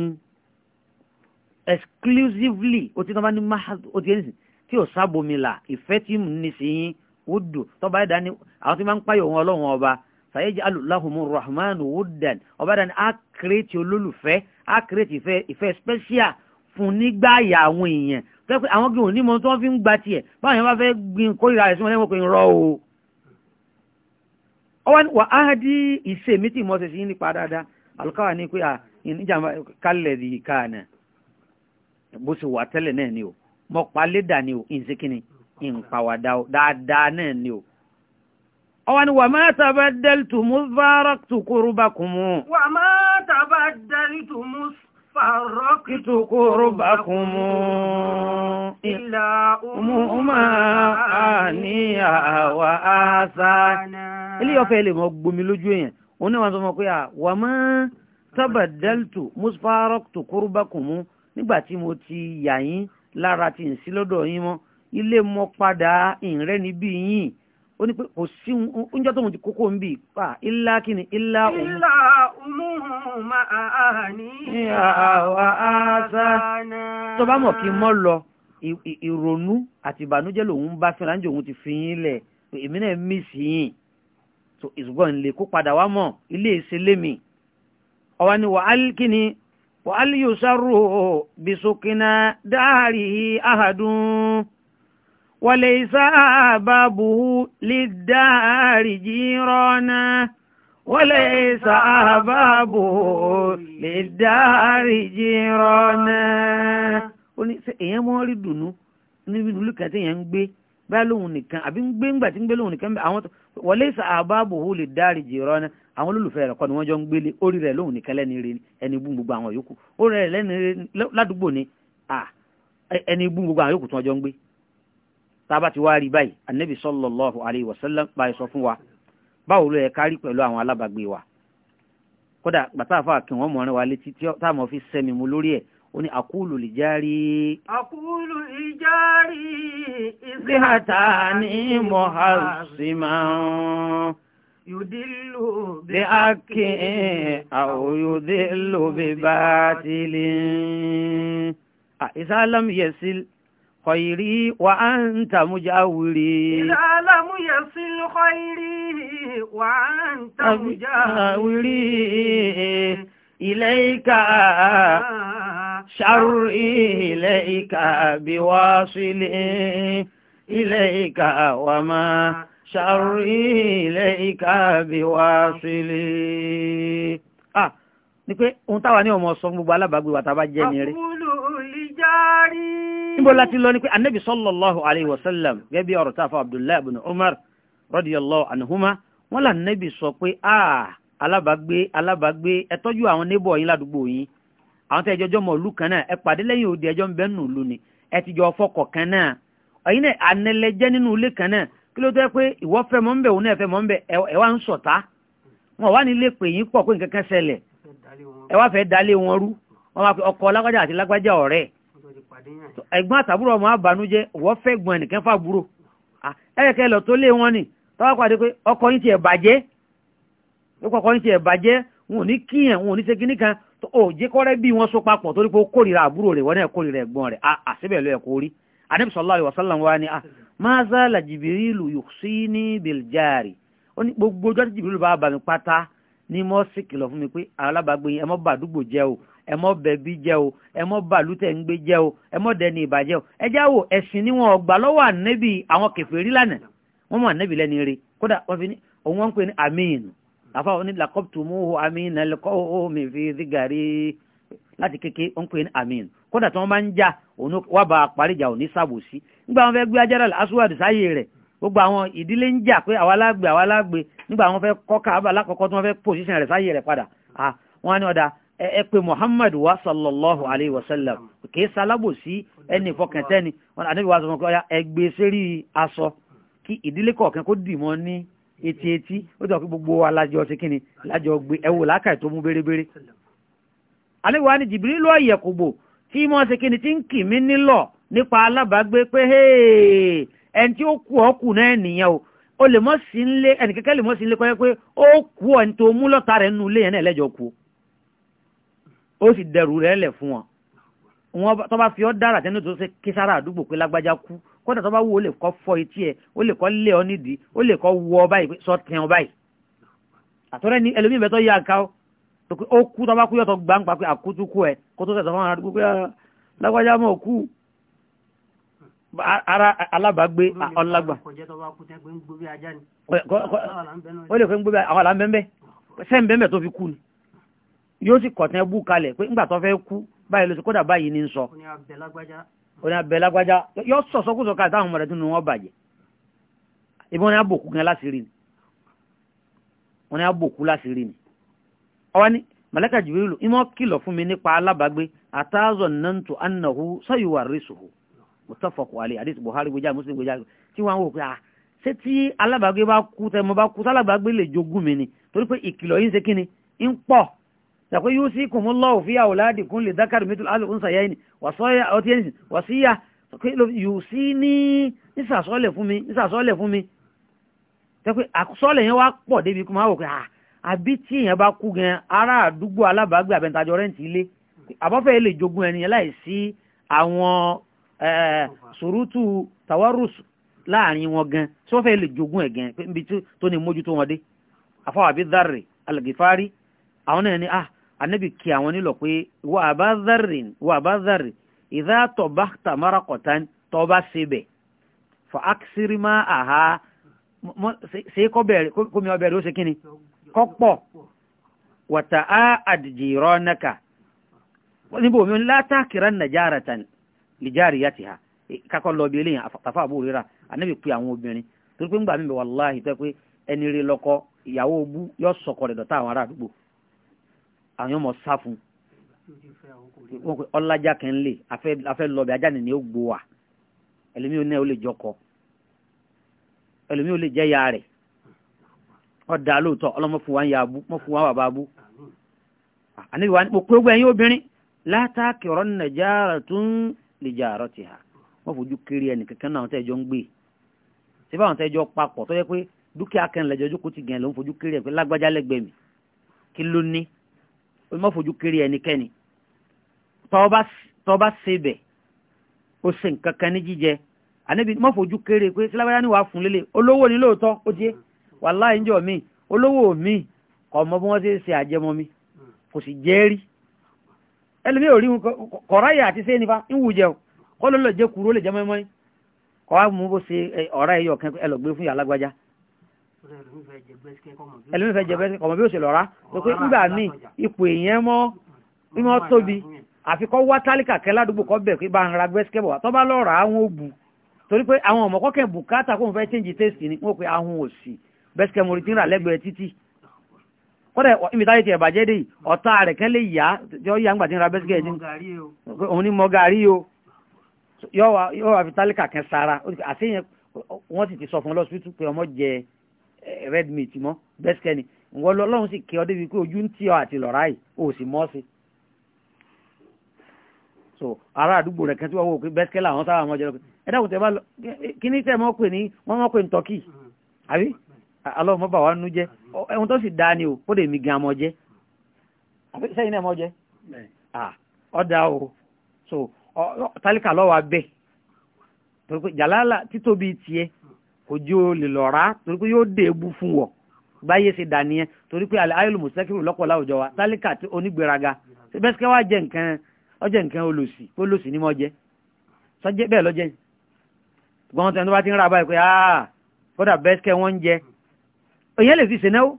[SPEAKER 1] exclusively o ti tán bá ní mahadu o ti yẹn nísìnyí tí ò sábòmìlà ìfẹ́ tí mo ní sí ó dùn tọ́ba ẹ̀dá ni àwọn tí máa ń pààyàn òun ọlọ́run ọba sàyẹ́jì alùláhùnmù rahman wooden ọba dání á kírètì olólùfẹ́ á kírètì ìfẹ́ ìfẹ́ special fún nígbà àyà àwọn èèyàn tó pé àwọn gbìyànjú ní mọ tí wọ́n fi ń gba tiẹ̀ báwọn èèyàn bá fẹ́ gbin kórìíra rẹ̀ sí wọn lẹ́wọ̀n pé ń rọ o. ọwọ́ ni wà á di ìsèmí tí mo ṣe sí nípa dáadáa alukawa ni pé ìjàmbá kálẹ̀ rí káàna bó ṣe wà tẹ́lẹ̀ náà ni o mo pa ni o ìǹsìnkìnnì ìǹpàwàdà dáadáa náà ni o ọwọ́ ni wà máa tàbádẹ́lìtù mú fàárọ̀kìtù kúrú bá kùn mú.
[SPEAKER 2] wà máa tàbádẹ́lìtù mú fàárọ̀kìtù
[SPEAKER 1] kúrú bá kùn mú. ìlà
[SPEAKER 2] umùmá
[SPEAKER 1] ní àwà àṣà. ilé ọ̀fẹ́ lè mọ gbomi lójú èèyàn òun náà wọ́n sọ fún pé wà máa tàbádẹ́lìtù mú fàárọ̀kìtù kúrú bá kùn mú nígbà tí mo ti yà yín lára ti ń sí lọ́dọ̀ yín mọ́ ilé mọ́ padà ìrẹ́ni bí yín ó ní pé kò sí oúnjẹ tóun ti kókó ń bì
[SPEAKER 2] pa ilá
[SPEAKER 1] kíni ilá òun. ilá
[SPEAKER 2] òun máa ní àwa àṣà. tó bá mọ̀ kí n mọ́ lọ
[SPEAKER 1] ìrònú àti ìbànújẹ́ lòun bá fẹ́ràn jòun ti fi yín lẹ̀ èmi náà mí sí yín so ìṣùgbọ́n ń lè kó padà wá mọ̀ ilé ìṣe lémi ọwọ́ ni wàhálì kíni wàhálì yóò sáró bìsókínà dáhàrí ahàdùn. وليس أبابه للدار جيرانا وليس أبابه للدار جيرانا ó ní ṣe èèyàn mọ́ rí dùnú níbi ìlú kan tí ń gbé bá lóhun nìkan àbí ń gbé ńgbà tí ń gbé lóhun nìkan àwọn wọlé ìsàbàbò lè dárí jìrọ ní àwọn olólùfẹ́ rẹ̀ kọ́ ni wọ́n jọ ń gbélé orí rẹ̀ lóhun nìkan lẹ́ni rí ẹni bú gbogbo àwọn yòókù orí rẹ̀ lẹ́ni rí ládùúgbò ni ẹni bú gbogbo àwọn yòókù tí wọ́n jọ ń gbé tába ti wá rí báyìí anabi sallallahu alayhi wa sallam báyìí sọ fún wa báwo ló yẹ kárí pẹ̀lú àwọn alábàgbé wa kódà gbàtàfà kí wọ́n mọ̀rin wa létí táwọn fi sẹ́mi mu lórí ẹ̀ ó ní àkúlù lè
[SPEAKER 2] àkúlù ìjárí ìsìhàtà ní mọ̀hásímà yòdìlò bí ákè
[SPEAKER 1] àwọn yòdìlò bí bá tilẹ̀. àìsàlámù yẹ̀sí. الخير وأنت مجاوري إذا
[SPEAKER 2] لم يصل خيري وأنت مجاوري إليك شر
[SPEAKER 1] إليك بواصل إليك وما شر إليك بواصل ah ni pé ohun táwa ní ọmọ sọ fún gbogbo alábàágbé wa tá a bá jẹ́ ni rí.
[SPEAKER 2] àkúlù lìjárí. níbo láti lọ
[SPEAKER 1] ní pé anabi sallallahu alaihi wasallam sallam gẹ́gẹ́ bí ọ̀rọ̀ táfà abdullahi ibn umar radiyallahu anhuma wọ́n là nẹ́bì sọ pé alábàágbé alábàágbé ẹ tọ́jú àwọn nébọ̀ yín ládùúgbò yín àwọn tẹ́ ẹjọ́jọ́ mọ̀ òlú kan náà ẹ pàdé lẹ́yìn ẹjọ́ ń bẹ́ nù lù ni ẹ ti jọ fọkọ̀ na náà ẹ̀yin náà nínú ilé kan náà kí ló tẹ́ pé fẹ́ mọ́ ń bẹ̀ òun náà ẹ̀gbọ́n àtàbúrò ọmọ àbànújẹ́ wọ́n fẹ́ gbọ́n ẹnìkan fàbúrò ẹ̀ẹ́kẹ́ lọ tó lé wọn ni tọ́wọ́ pàdé pé ọkọ yín ti ẹ̀ bàjẹ́ ọkọ yín ti ẹ̀ bàjẹ́ wọn ò ní kíyàn wọn ò ní ṣe kíní kan ó jẹ́ kọ́rẹ́ bí wọ́n so papọ̀ torí pé ó kórìíra àbúrò rẹ̀ wọ́n náà kórìíra ẹ̀gbọ́n rẹ̀ ẹ mọ́ bẹ̀bí jẹ́ o ẹ mọ́ bàlútẹ̀ ń gbé jẹ́ o ẹ mọ́ dẹni ìbàjẹ́ o ẹ já wò ẹ̀sìn ni wọn ọgbà lọ́wọ́ ànẹ́bì àwọn kèfèrí lánàá wọ́n mọ̀ ànẹ́bì lẹ́ni rí kódà wọ́n fi ní òun wọ́n ń pè ní amín àfa òní làkọ́tùmùhù amín nàlẹ́kọ́ omi fi zigari láti kéke ó ń pè ní amín kódà tí wọ́n bá ń já òun wà bá paríjà òní sàbòsí nígbà wọn fẹ́ gbé ajára aswad sáyé rẹ̀ gbogbo àwọn ìdílé ń jà pé àwa lágbè àwa lágbè nígbà wọn fẹ́ kọ́ káàbà lákọ̀ọ́kọ́ tí wọ́n fẹ́ pòṣíṣàn rẹ̀ sáyé rẹ̀ padà ah, wọ́n á ní ọ̀dà ẹ pé Muhammad wa sallallahu alayhi wa sallam kìí salábòsí ẹni ìfọkàntẹ́ni wọn àdébí wa sọ fún ọyá ẹgbẹ́ e sérí aṣọ kí ìdílé kọ̀ọ̀kan kó dì mọ́ ní etí etí ó dọ̀ kí gbogbo wa lájọ ṣe kíni lájọ gbé ẹwò lákàtí tó mú bérebére. àlejò ni jìbìrì lọ ìyẹ̀kùbò tí mo ṣe kíni tí ń kì mí nílọ̀ nípa alábàágbé pé ẹni tí ó kú ọ kù náà nìyẹn o ó lè mọ́ sí ń lé ẹnì kẹ́kẹ́ lè mọ́ sí ń lé kọ́ pé ó kú ẹni tó mú lọ́ta rẹ̀ nínú ilé yẹn náà lẹ́jọ́ kú ó sì dẹrù rẹ̀ lẹ̀ fún wọn wọn tó bá fi ọ́ dára tẹ́nu tó ṣe kí sára àdúgbò pé lágbájá kú kódà tó bá wù ó lè kọ́ fọ́ etí ẹ̀ ó lè kọ́ lé ọ nídìí ó lè kọ́ wọ ọ báyìí sọ tẹ̀ ọ báyìí àtọ́rẹ́ ni ẹlòmíì bẹ́ẹ̀ tó yá ká ó ó kú tó bá kú yọ̀tọ̀ gbangba pé àkútúkú ẹ̀ kó tó tẹ̀sán fún àdúgbò pé ah, lágbájá mọ̀ kú ara alábàágbé ọlágbà ó lè kọ́ ń gbé àwọn àlàmbẹ́mbẹ́ sẹ́ńbẹ́mbẹ́ tó fi kú ni. yóò sì kọ̀tẹ́ bú kalẹ̀ pé ńgbà tó fẹ́ kú báyìí ló sì kódà báyìí ní sọ oní abẹ lágbájá sọ sọ̀sọ́kùsọ káà táwọn onye rẹ̀ tún ní wọ́n bàjẹ́ ibi wọn ni abòkú gan láti rí ni wọn ni abòkú láti rí ni ọwọ́ ni màláíkà Jibrilu ìmọ̀ kìlọ̀ fún mi nípa alábàágbé àtàzọ̀ sàkó yóò sí kùnmú lọ́wọ́ fi àwòládì kún lè dákàrí mítùl alùkúnsà yẹn ni wàsíyà yóò sí ní ìsàsọ́lẹ̀ fún mi ìsàsọ́lẹ̀ fún mi tẹ́kù àsọ́lẹ̀ yẹn wá pọ̀ débi kó máa wò pé àbí ah, tí èèyàn bá kú gan ará àdúgbò alábàágbé àbẹ̀ntajọ rẹ́ǹtì ilé àbọ́fẹ́ lè jogún ẹni yẹn láì àwọn ṣòrútù eh, tawarus láàrin wọn gan tí wọ́n fẹ́ lè jogún ẹ̀ e gan níbi tó ní mójútó wọn dé afáwàbí dárẹ̀ alàgìfárí àwọn náà ni ah anabi kí àwọn nílò pé wà bá zari wà bá zari ìdá tọba tamara kọtan tọba síbẹ̀ fa akisiri ma aha ṣe kọ bẹ̀rẹ̀ kómi ọbẹ̀ rẹ̀ ó ṣe kíni kọ́pọ̀ wàtà á àdìjìrọ̀ náka níbo mi látàkìrá nàjára tán lìjárì yá ti ha kakọ lọ bí eléyìn àtàfà àbúrò rírà anabi pé àwọn obìnrin torí pé ń gbà mí bẹ wàláhì tẹ́ pé ẹni rí lọ́kọ ìyàwó bú yọ sọ̀kọ̀ rẹ̀ dọ̀tá àwọn ará àdúgbò àwọn ọmọ sá fún wọn pe ọlájà kan lè afẹ́ lọ́ọ̀bì ajá nìyẹn ó gbó wa ẹlòmíì náà ó lè jọkọ ẹlòmíì ó lè jẹ́ ya rẹ̀ ọ̀dà lóòótọ́ ọlọ́mọ wa ń ya abú mọ́ fún wa bàbá abú àníbi wa mo pé ó gbẹ̀yìn obìnrin látàkì ọ̀rọ̀ nàìjíríà tó ń lè jà àrọ́ ti hà wọ́n fojú kiri ẹnì kankan náà àwọn tẹ́jọ́ ń gbé ṣé báwọn tẹ́jọ́ papọ̀ tó yẹ pé dúkìá kan lẹ́jọ́ kó ti gẹ̀ ló fojú kiri ẹ̀ pé lágbájá lẹ́gbẹ̀ẹ́ mi kí ló ní o má fojú kiri ẹnikẹ́ni tọ́ọ̀bá sebẹ̀ o sì ń kankan ní jíjẹ àníbi má fojú kiri pé sílábàdá ni wàá fún lélẹ̀ olówó ni lóòótọ́ ó tiẹ̀ wàláhì ńjọ́ mi olówó mi kò mọ bí wọ́n ti ṣe àjẹmọ́ mi kò sì jẹ́rí ẹlòmíì ò rí wọn kọ̀ráyà àti sẹ́yìn nípa ń wù jẹun kọ́ ló lọ jẹ́ kúrò lè jẹ́ mọ́ẹ́mọ́ẹ́ kọ́ wá mú bó ṣe ọ̀rá ẹ̀yọ̀ kan ẹlògbé fún yàrá lágbájá
[SPEAKER 2] ẹlòmí fẹ́ jẹ bẹ́sẹ̀
[SPEAKER 1] kọ̀mọ̀ bí ó ṣe lọ́ra tó pé nígbà míì ipò èèyàn mọ́ mímọ́ tóbi àfi kọ́ wá tálíkà kẹ́ ládùúgbò kọ́ bẹ̀ pé bá ń ra bẹ́sẹ̀ bọ̀ tó bá lọ́ra àwọn òbù torí pé àwọn ọmọ kọ́kẹ́ bùkátà kó n fẹ́ change taste ni wọ́n pe àwọn òsì bẹ́sẹ̀ mo rí ti ń rà lẹ́gbẹ̀ẹ́ títì kọ́dẹ̀ ibi táyé o yọ́ wà fi tálíkà red meat mọ́ bẹ́ẹ̀ sẹ́ni ìwọ́n lọ́lọ́run sì kí ọ débi pé ojú ń tì ọ àti lọ́ra yìí o sì mọ́ sí so ará àdúgbò rẹ̀ kẹ́tí wọ́n wò pé bẹ́ẹ̀ sẹ́ni àwọn sábà wọn jẹ́ lọ́kùn ẹ dákun tẹ́ bá lọ kí ní tẹ́ mọ́ pè ní wọ́n mọ́ pè ní turkey àbí alọ́ mọ́ bà wá nú jẹ́ ẹ̀hun tó sì dáa ni o kó lè mi gan mọ́ jẹ́ àbí sẹ́yìn náà mọ́ jẹ́ ọ̀dà o so tálíkà lọ́wọ́ abẹ́ jàlálà títóbi tiẹ̀ kò jó lè lọ rà torí pé yóò dé ebú fún wọ báyé ṣe dà nìyẹn torí pé ayélu mùsẹ́kìrù lọ́pọ̀ láwùjọ wa tálíkà tí onígbéraga bẹ́sikẹ́ wá jẹ́ nǹkan ọjẹ́ nǹkan olòṣì olòṣì ni mo jẹ́ sọ́jẹ́ bẹ́ẹ̀ lọ́jẹ́ gbọ́n tẹ́ni tó bá ti ń ra báyìí pé áà kódà bẹ́sikẹ́ wọ́n ń jẹ èyàn lè fi ṣènáwó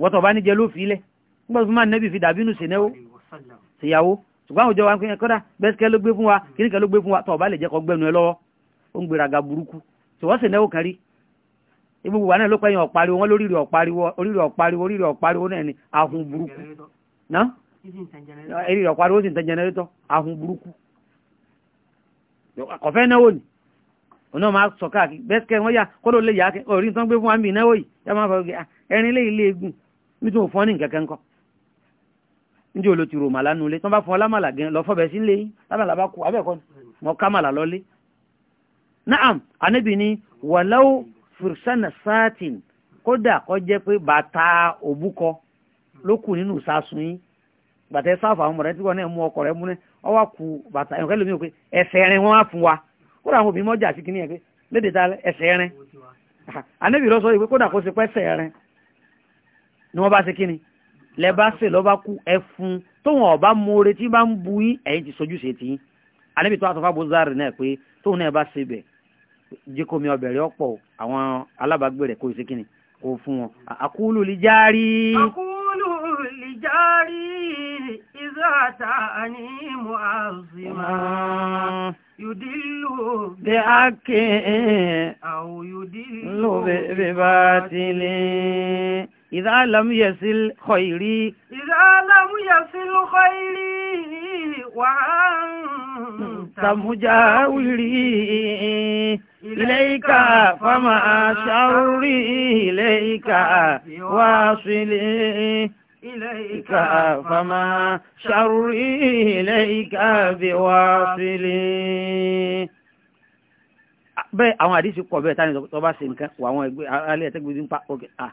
[SPEAKER 1] wọ́tọ̀ bá níjẹ ló fi ilẹ̀ nígbà tó máa nẹ́bì fi dàbínú ṣènáwó ṣèyàwó ṣùgbọ́n àwùjọ wa kódà bẹ́sikẹ́ ló gbé fún wa kíníkẹ́ ló gbé fún wa tọ̀ bá lè jẹ́ kọ́ gbẹ́nu ẹ lọ́wọ́ ó ń gbéraga burúkú wọ́n sì náwó kan rí ibi gbogbo náà ló pẹ́yìn ọ̀pariwo wọn lórí ọ̀pariwo oríire ọ̀pariwo oríire ọ̀pariwo náà ni ahun burúkú náà oríire ọ̀pariwo sì ń tan jẹnẹrétọ̀ ahun burúkú kọ̀fẹ́ náwó ni ọ̀nà máa sọ káàkiri bẹ́ẹ̀kẹ́ wọ́n yà kọ́lọ̀ lè yà orí tán gbé fún wa ń bì náwó yìí yà máa fọ ah, ẹrin lè ilé egun nítorí òfin ọ́nì kẹ̀kẹ́ ńkọ́ níjẹ́ olótìrò màlá nulẹ̀ tí wọ́n bá fún ọ lámàlà gan lọ́fọ́ bẹ̀ sí ń lé lámàlà bá kú abẹ́ẹ̀kọ́ mọ́ lọ́lé na'am anabi ni walau fursana satin kódà kó jẹ́ pé bàtà òbúkọ ló kù nínú sásun yín bàtà ẹ sáfà àwọn mọ̀rẹ́ tí wọ́n náà mú ọkọ̀ rẹ̀ mú ní ọwọ́ kù bàtà ẹ̀kọ́ lómi pé ẹsẹ̀ rin wọ́n á fún wa kódà àwọn obìnrin mọ́jà sí kí ní ẹ̀ pé léde ta ẹsẹ̀ rin anabi lọ sọ pé kódà kó ṣe pẹ́ ẹsẹ̀ rin ni wọ́n bá ṣe kí lẹ bá ṣe lọ́ bá kú ẹ fún tóun ọ̀bá mọ̀ọ́rẹ́ tí bá ń bu yín ẹ̀yìn ti sojú ṣe tì yín anabi tó a sọ fún abuzari náà pé tóun náà bá ṣe bẹ́ẹ̀ jíkomi ọbẹ̀rẹ̀ ọ̀pọ̀ àwọn alábàágbé rẹ̀ kò sí kíni kò fún wọn. àkúlù lè járí.
[SPEAKER 2] àkúlù lè járí ìzọ́ta ní muazima yùdílù bí akẹ́ àwọn yùdílù
[SPEAKER 1] bí bá tilẹ̀. إذا لم يصل خيري
[SPEAKER 2] إذا لم يصل خيري وأنت مجاوري إليك فما
[SPEAKER 1] شري إليك واصلي
[SPEAKER 2] إليك
[SPEAKER 1] فما شري إليك بواصلي bẹ́ẹ̀ àwọn àdìsí pọ̀ bẹ́ẹ̀ tani tó bá ṣe nǹkan wọ àwọn ẹgbẹ́ alẹ́ ẹ̀tẹ́gbẹ́ ń pa ah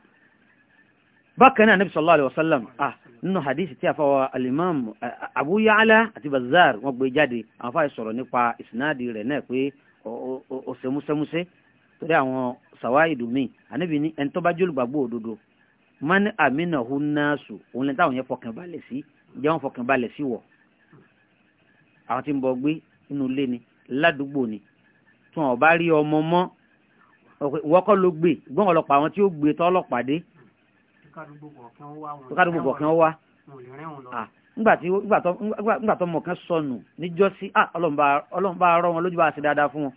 [SPEAKER 1] bákan náà nabi sallallahu alaihi wasallam ah nínú hadith tí a fọwọ́ alimam abu ya'la àti bazar wọ́n gbé jáde àwọn fàáyé sọ̀rọ̀ nípa ìsinádì rẹ̀ náà pé ó ṣe múṣẹ́múṣẹ́ torí àwọn sàwáyé domi ànábì ní ẹni tó bá jólù gbàgbọ́ òdodo man amina hu naasu òun lẹ́ni táwọn yẹn fọkàn balẹ̀ sí jẹ́ wọn fọkàn balẹ̀ sí wọ̀ àwọn tí ń bọ gbé inú ilé ni ládùúgbò ni tí wọn ò bá rí ọmọ mọ́ wọ́kọ́ ló gbé gbọ́n
[SPEAKER 2] kádùgbò kọ̀ọ̀kan wá
[SPEAKER 1] nígbà tó mọ̀ kan sọnù níjọ́sí ọlọ́run bá rọ́ wọn lójú bá ṣe dáadáa fún wọn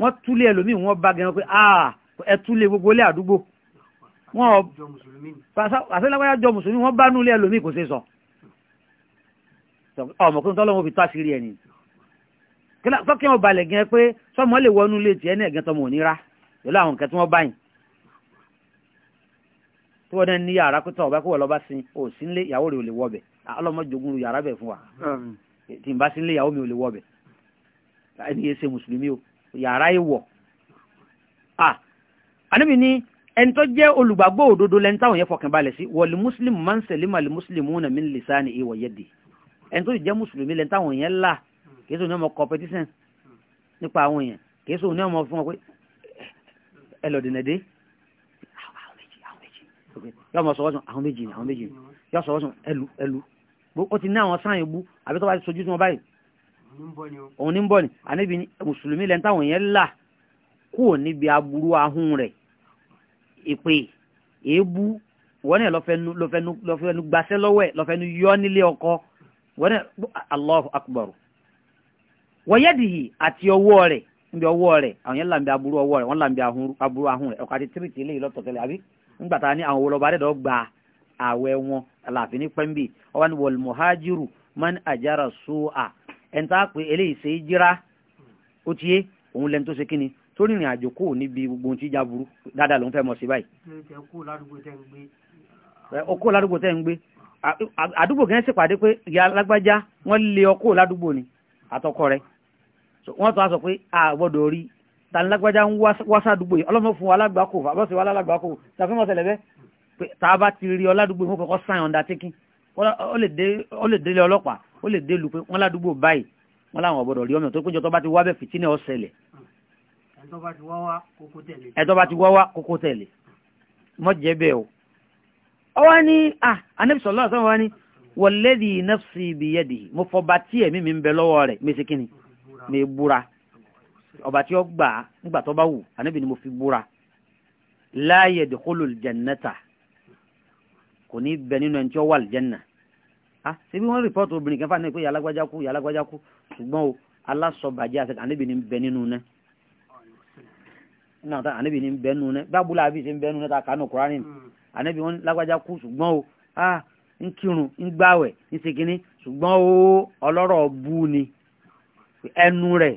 [SPEAKER 1] wọ́n túlé ẹlòmíì wọ́n bá gẹ̀rọ pé ẹ túlé gbogbo ilé àdúgbò wọ́n àṣẹ́lágbáyà jọ mùsùlùmí wọ́n bá núlé ẹlòmíì kò ṣe sọ ọmọkùnrin tọ́lọ́wọ́ fi tó àṣírí ẹni tọ́kí wọn balẹ̀ gẹ́ pé sọmọ lè wọnú ilé tiẹ̀ ní ẹ̀gẹ́ tọmọ òníra pẹ̀lú àwọn kẹtí wọ́n báyìí tí wọ́n dẹ́ ní yàrá pé tọ́ ọ̀bá kó wọ́n lọ́ba sin ò sí nílé ìyàwó rẹ̀ ò lè wọ́bẹ̀ ọlọ́mọdógún yàrá bẹ̀ fún wa tí n bá sí nílé ìyàwó mi ò lè wọ́bẹ̀ ẹni yẹn ṣe mùsùlùmí o yàrá ìwọ̀ ah anábì ní ẹni tó jẹ́ olùgbàgbọ́ òdodo lẹ́ni táwọn yẹn fọkàn balẹ̀ sí wọ̀lì mùsùlùmí máa ń sẹ̀lé màlì mùsùlùmí nà mí lè sáà ní ìwọ̀ yẹ́dì ẹni tó jẹ́ mùsùlùmí lẹ́ni táwọn yẹn là kìí sọ ní ọmọ competition nípa àwọn èèyàn kìí sọ ní ọmọ fún wọn pé ẹlọ́dìnàdé yóò mọ sọwọ́sùn àwọn méjì ni àwọn méjì ni yóò sọwọ́sùn ẹlu ẹlu ó ti ní àwọn sáyìn bú àbí tó bá ti sojú tí wọ́n báyìí òun ní ń bọ̀ ni àníbi mùsùlùmí lẹ́ni táwọn yẹn là kúrò níbi aburú ahun rẹ̀ ìpè èébú wọ́n náà lọ́fẹ́nu gbaṣẹ́ lọ́wọ́ ẹ̀ lọ́fẹ́nu yọ́ nílé ọkọ wọ́n náà Allahu akbar wọ́yẹ́dìyì àti ọwọ́ rẹ̀ níbi ọwọ́ rẹ̀ àwọn yẹn làǹbí aburú ọwọ́ rẹ̀ wọ́n làǹbí aburú ahun rẹ̀ ọkọ̀ àti tírìtì eléyìí lọ́tọ̀ tẹ́lẹ̀ àbí nígbà tá a ní àwọn olọba rẹ̀ gba àwẹ̀ wọn aláàfin ní pẹ́ńbì ọwọ́ ni wọ́n mọ̀hájírù man àjára sóà ẹni tá a pè eléyìí ṣe é jíra ó tiẹ̀ òun lẹ́nu tó ṣe kíni tó rìnrìn àjò kò níbi gbogbo ohun tí ìjà burú dáadáa ló ń fẹ́ mọ̀ sí báyìí. ọkọ ládùúgbò tẹ́ ń gbé àdúgbò kẹ́ ń ṣèpàdé pé ìyá alágbájá wọ́n lé ọkọ ládùúgbò ni àtọkọ rẹ̀ wọ́n tó a pé a rí tàlágbájá ń wáṣà dúgbò yìí ọlọ́mọ fún alágbàkò àbọ́sẹ̀ wà lálágbàkò ṣàfihàn ọ̀sẹ̀ lẹ́fẹ́ tàbá ti rí ọládùgbò fún kọ́kọ́ sáyẹn undertaking ó lè délé ọlọ́pàá ó lè dé lùpẹ́ wọn ládùgbò báyìí wọn láwọn ọ̀bọ̀dọ̀ rí ọmọ tó péjọ tó bá ti wá bẹ́ẹ̀ fìtínà ọ̀sẹ̀lẹ̀ ẹ̀tọ́ bá ti wá wá kókó tẹ̀lé mọ́ jẹ́ bẹ́ẹ̀ o. ọwọ́ ni anabi sọ̀lá ọ̀sán wa ni wọ̀lẹ́dì nafsi bìyẹ́dì mo fọba tí ẹ̀mí mi ń bẹ lọ́wọ́ ọba tí ó gbà á nígbà tó bá wù ànábì ni mo fi búra la yadkhulul jannata kò ní bẹ nínú ẹni tí ó wà aljanna ah ṣebí wọ́n rìpọ́tù obìnrin kan fáwọn ẹni pé ìyá alágbájá kú ìyá alágbájá kú ṣùgbọ́n o alásọ̀bàjẹ́ àti ànábì ni bẹ nínú náà náà tán ànábì ní ń bẹnu náà bábúlà àbí ṣe ń bẹnu náà ta kánú kúránì ànábì wọn lágbájá kú ṣùgbọ́n o a ń kírun ń gbàwẹ̀ ń ṣe kínní ṣùgbọ́n o ọlọ́rọ̀ bú ni ẹnu rẹ̀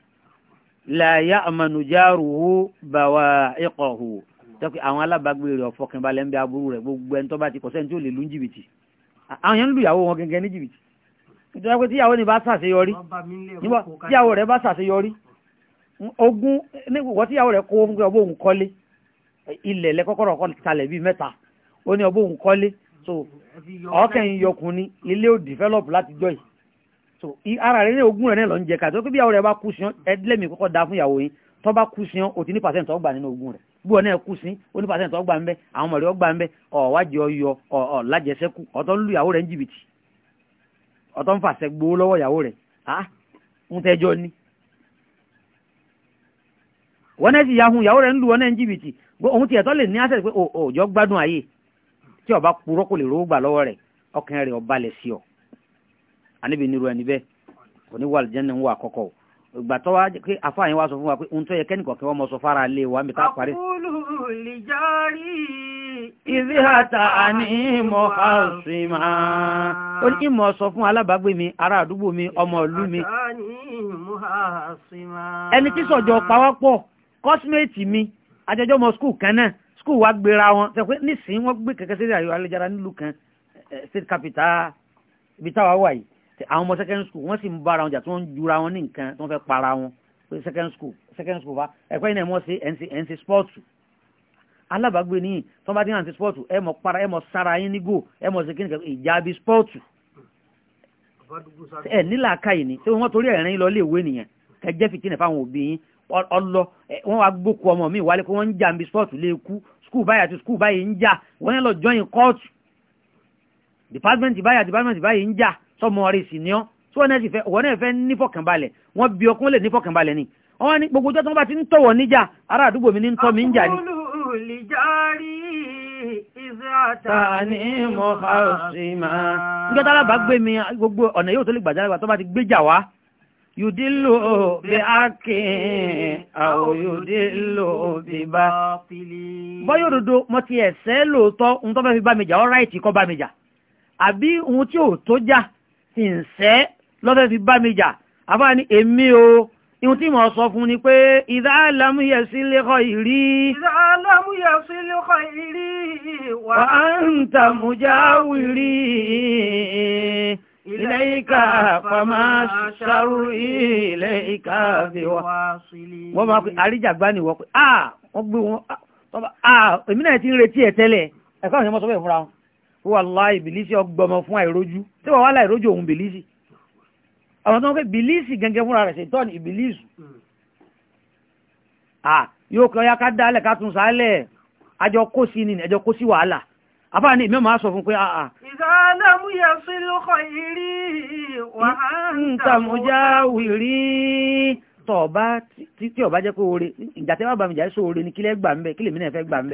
[SPEAKER 1] láyá àmànùjáruhu bàwà ikọ̀hù tẹ́kọ̀ àwọn alábàágbé rẹ̀ ọ̀fọ̀kànbalẹ̀ ń bẹ aburú rẹ̀ gbogbo ẹni tó bá ti kọ̀ sẹ́ni tí ó lè lu jìbìtì àwọn yẹn ń lu ìyàwó wọn gẹ́gẹ́ ní jìbìtì nítorí pé tíyàwó ni bá ṣàṣeyọrí
[SPEAKER 2] nígbà tíyàwó
[SPEAKER 1] rẹ̀ bá ṣàṣeyọrí ogún nígbà tíyàwó rẹ̀ kó fún pé ọbọ̀ òun kọ́lé ilẹ̀ lẹ́kọ́kọ́rọ̀ kọ́ talẹ̀ bíi mẹ́ta ó ní ọbọ̀ òun kọ́lé so ọkàn yọkùnrin ilé ò dìfẹ́lọ́pù láti jọ́ yìí so ara rẹ̀ ní ogún rẹ̀ náà lọ ń jẹ ká tó kí bí ìyàwó rẹ̀ bá kú sí ẹlẹ́mìí kọ́kọ́ da fún ìyàwó yín tó bá kú sí o ti ní pàṣẹ tó gbà nínú ogún rẹ̀ bí wọn náà kú sí ó ní pàṣẹ tó gbà ń bẹ àwọn ọmọ rẹ̀ ó gbà ń bẹ ọ̀wájì ọyọ ọ̀ lájẹsẹ́kù ọ̀tọ́ ń ìyàwó rẹ̀ ń jìbìtì ọ̀tọ́ ń fàṣẹ gbowó lọ́wọ́ ìyàwó rẹ̀ ah ń tẹ́jọ́ ni wọ́n náà sì ya hun ìyàwó rẹ̀ ń lu ọ̀nà jìbìtì òun ti ẹ̀tọ́ lè àníbi nírú ẹni bẹ́ẹ̀ kò ní wà lìjẹ́ni wà kọ́kọ́ ìgbà tó wá pé àfáàyàn wá sọ fún wa pé ohun tó yẹ kẹ́nìkan kí wọ́n mọ sọ fara lé wa mi parí. àkúlù lè mi ajẹjọ́ ọmọ skul kan náà skul wa gbéra wọn sọ pé nísìnyí wọ́n gbé kẹ̀kẹ́ sí àyọ̀ alẹ́jára nílùú kan state capital ibi táwa wà yìí àwọn ọmọ second school wọ́n sì ń bára wọn jà tí wọ́n ń jura wọn ní nǹkan tí wọ́n fẹ́ para wọn pé second school second school fa ẹ̀kọ́ yìí náà mọ̀ sí ẹ̀ǹsì ẹ̀ǹsì spọ́ọ̀tù alábàágbé níyìn tí wọ́n bá dín àǹsì sports. ẹ̀ mọ̀ para ẹ̀ mọ̀ sára yín nígò ẹ̀ mọ̀ sí kíníkà ìjàbí spọ́ọ̀tù ẹ̀ nílàáká yìí ni tí wọ́n torí ẹ̀rín lọ léèwé nìyẹn kẹjẹ́ fìtínà fáwọn òbí yín ọlọ wọn wá gbókù ọmọ mi wálé pé wọ́n ń jà ń bí spọ́ọ̀tù lè kú skul báyìí àti skul báyìí ń jà wọ́n yẹn lọ jọyìn kóòtù dìpátmẹ́ǹtì báyìí àti dìpátmẹ́ǹtì ń jà tọmọ rẹ sì ni ọ tí wọn náà sì fẹ́ wọn náà fẹ́ nífọ̀kànbalẹ̀ wọn bí ọkùn lè nífọ̀kànbalẹ̀ ni wọn ní gbogbo ọjọ́ tí wọn bá ti ń tọwọ níjà ará àdúgbò mi ní ń tọ mi ń jà ni. nígbà tára gbé mi gbogbo ọ̀nà yóò tó lè gbàjára tó bá ti gbéjà wá yùdílò bí ákìn àwọn yùdílò bí bá pìlì. bọ́yọ̀ òdodo mo ti ẹ̀sẹ́ lóòótọ́ ohun tó fẹ́ fi bá mi jà ọ́ ráìtì kọ́ bá mi jà àbí ohun tí ò tó já ìǹsẹ́ lọ́fẹ́ fi bá mi jà àbá ni èmi o ihun tí mo sọ fún ni pé ìdá alámúyẹ sí lékọ ìrí ìdá
[SPEAKER 2] alámúyẹ sí lékọ ìrí wà á ń tàmújá wìrí ilẹ̀ ìka fama ṣàrù ilẹ̀
[SPEAKER 1] ìka fi wọ́n máa pè àríjàgbá ni wọ́n pé ah wọ́n gbé wọn ah, ah èmi náà ti ń retí ẹ̀ tẹ́lẹ̀ ẹ̀kọ́ àwọn ọmọ wọn wàláì bìlísì ọgbọmọ fún àìrójú tí wọ́n wá láìrójú òun bìlísì àwọn tó ń pè bìlísì gẹ́gẹ́ fúnra rẹ̀ ṣètọ́ ní ìbìlísù à yóò kọ́ ya ká dálẹ̀ ká tún sálẹ̀ àjọ kó sí ni àjọ kó sí wàhálà afáà ní ìmẹ́mọ̀ á sọ fún pé àà.
[SPEAKER 2] ìdáàdàmú yẹ sí lókọ̀ ìrí
[SPEAKER 1] wàhálà mọ̀já wìrí jẹ́ kó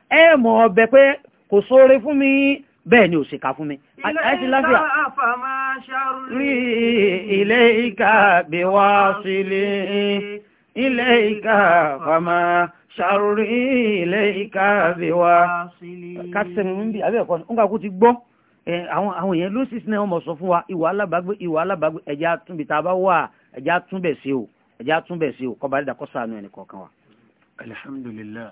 [SPEAKER 1] ẹ ọbẹ̀ pé kò sóore fún mi bẹ́ẹ̀ ni ò ṣèkà fún mi ilé ìka
[SPEAKER 2] fàmà ṣàrùrí ilé
[SPEAKER 1] ìka bí wá sílé àwọn èèyàn ló sì náà wọ́n sọ fún wa ìwà alábàágbé ìwà alábàágbé ẹ̀já túnbi tá bá wà ẹ̀já túnbẹ̀ sí o ẹ̀já túnbẹ̀ sí o kọ́ba dídà kọ́sàánú ẹnì wa. alhamdulillah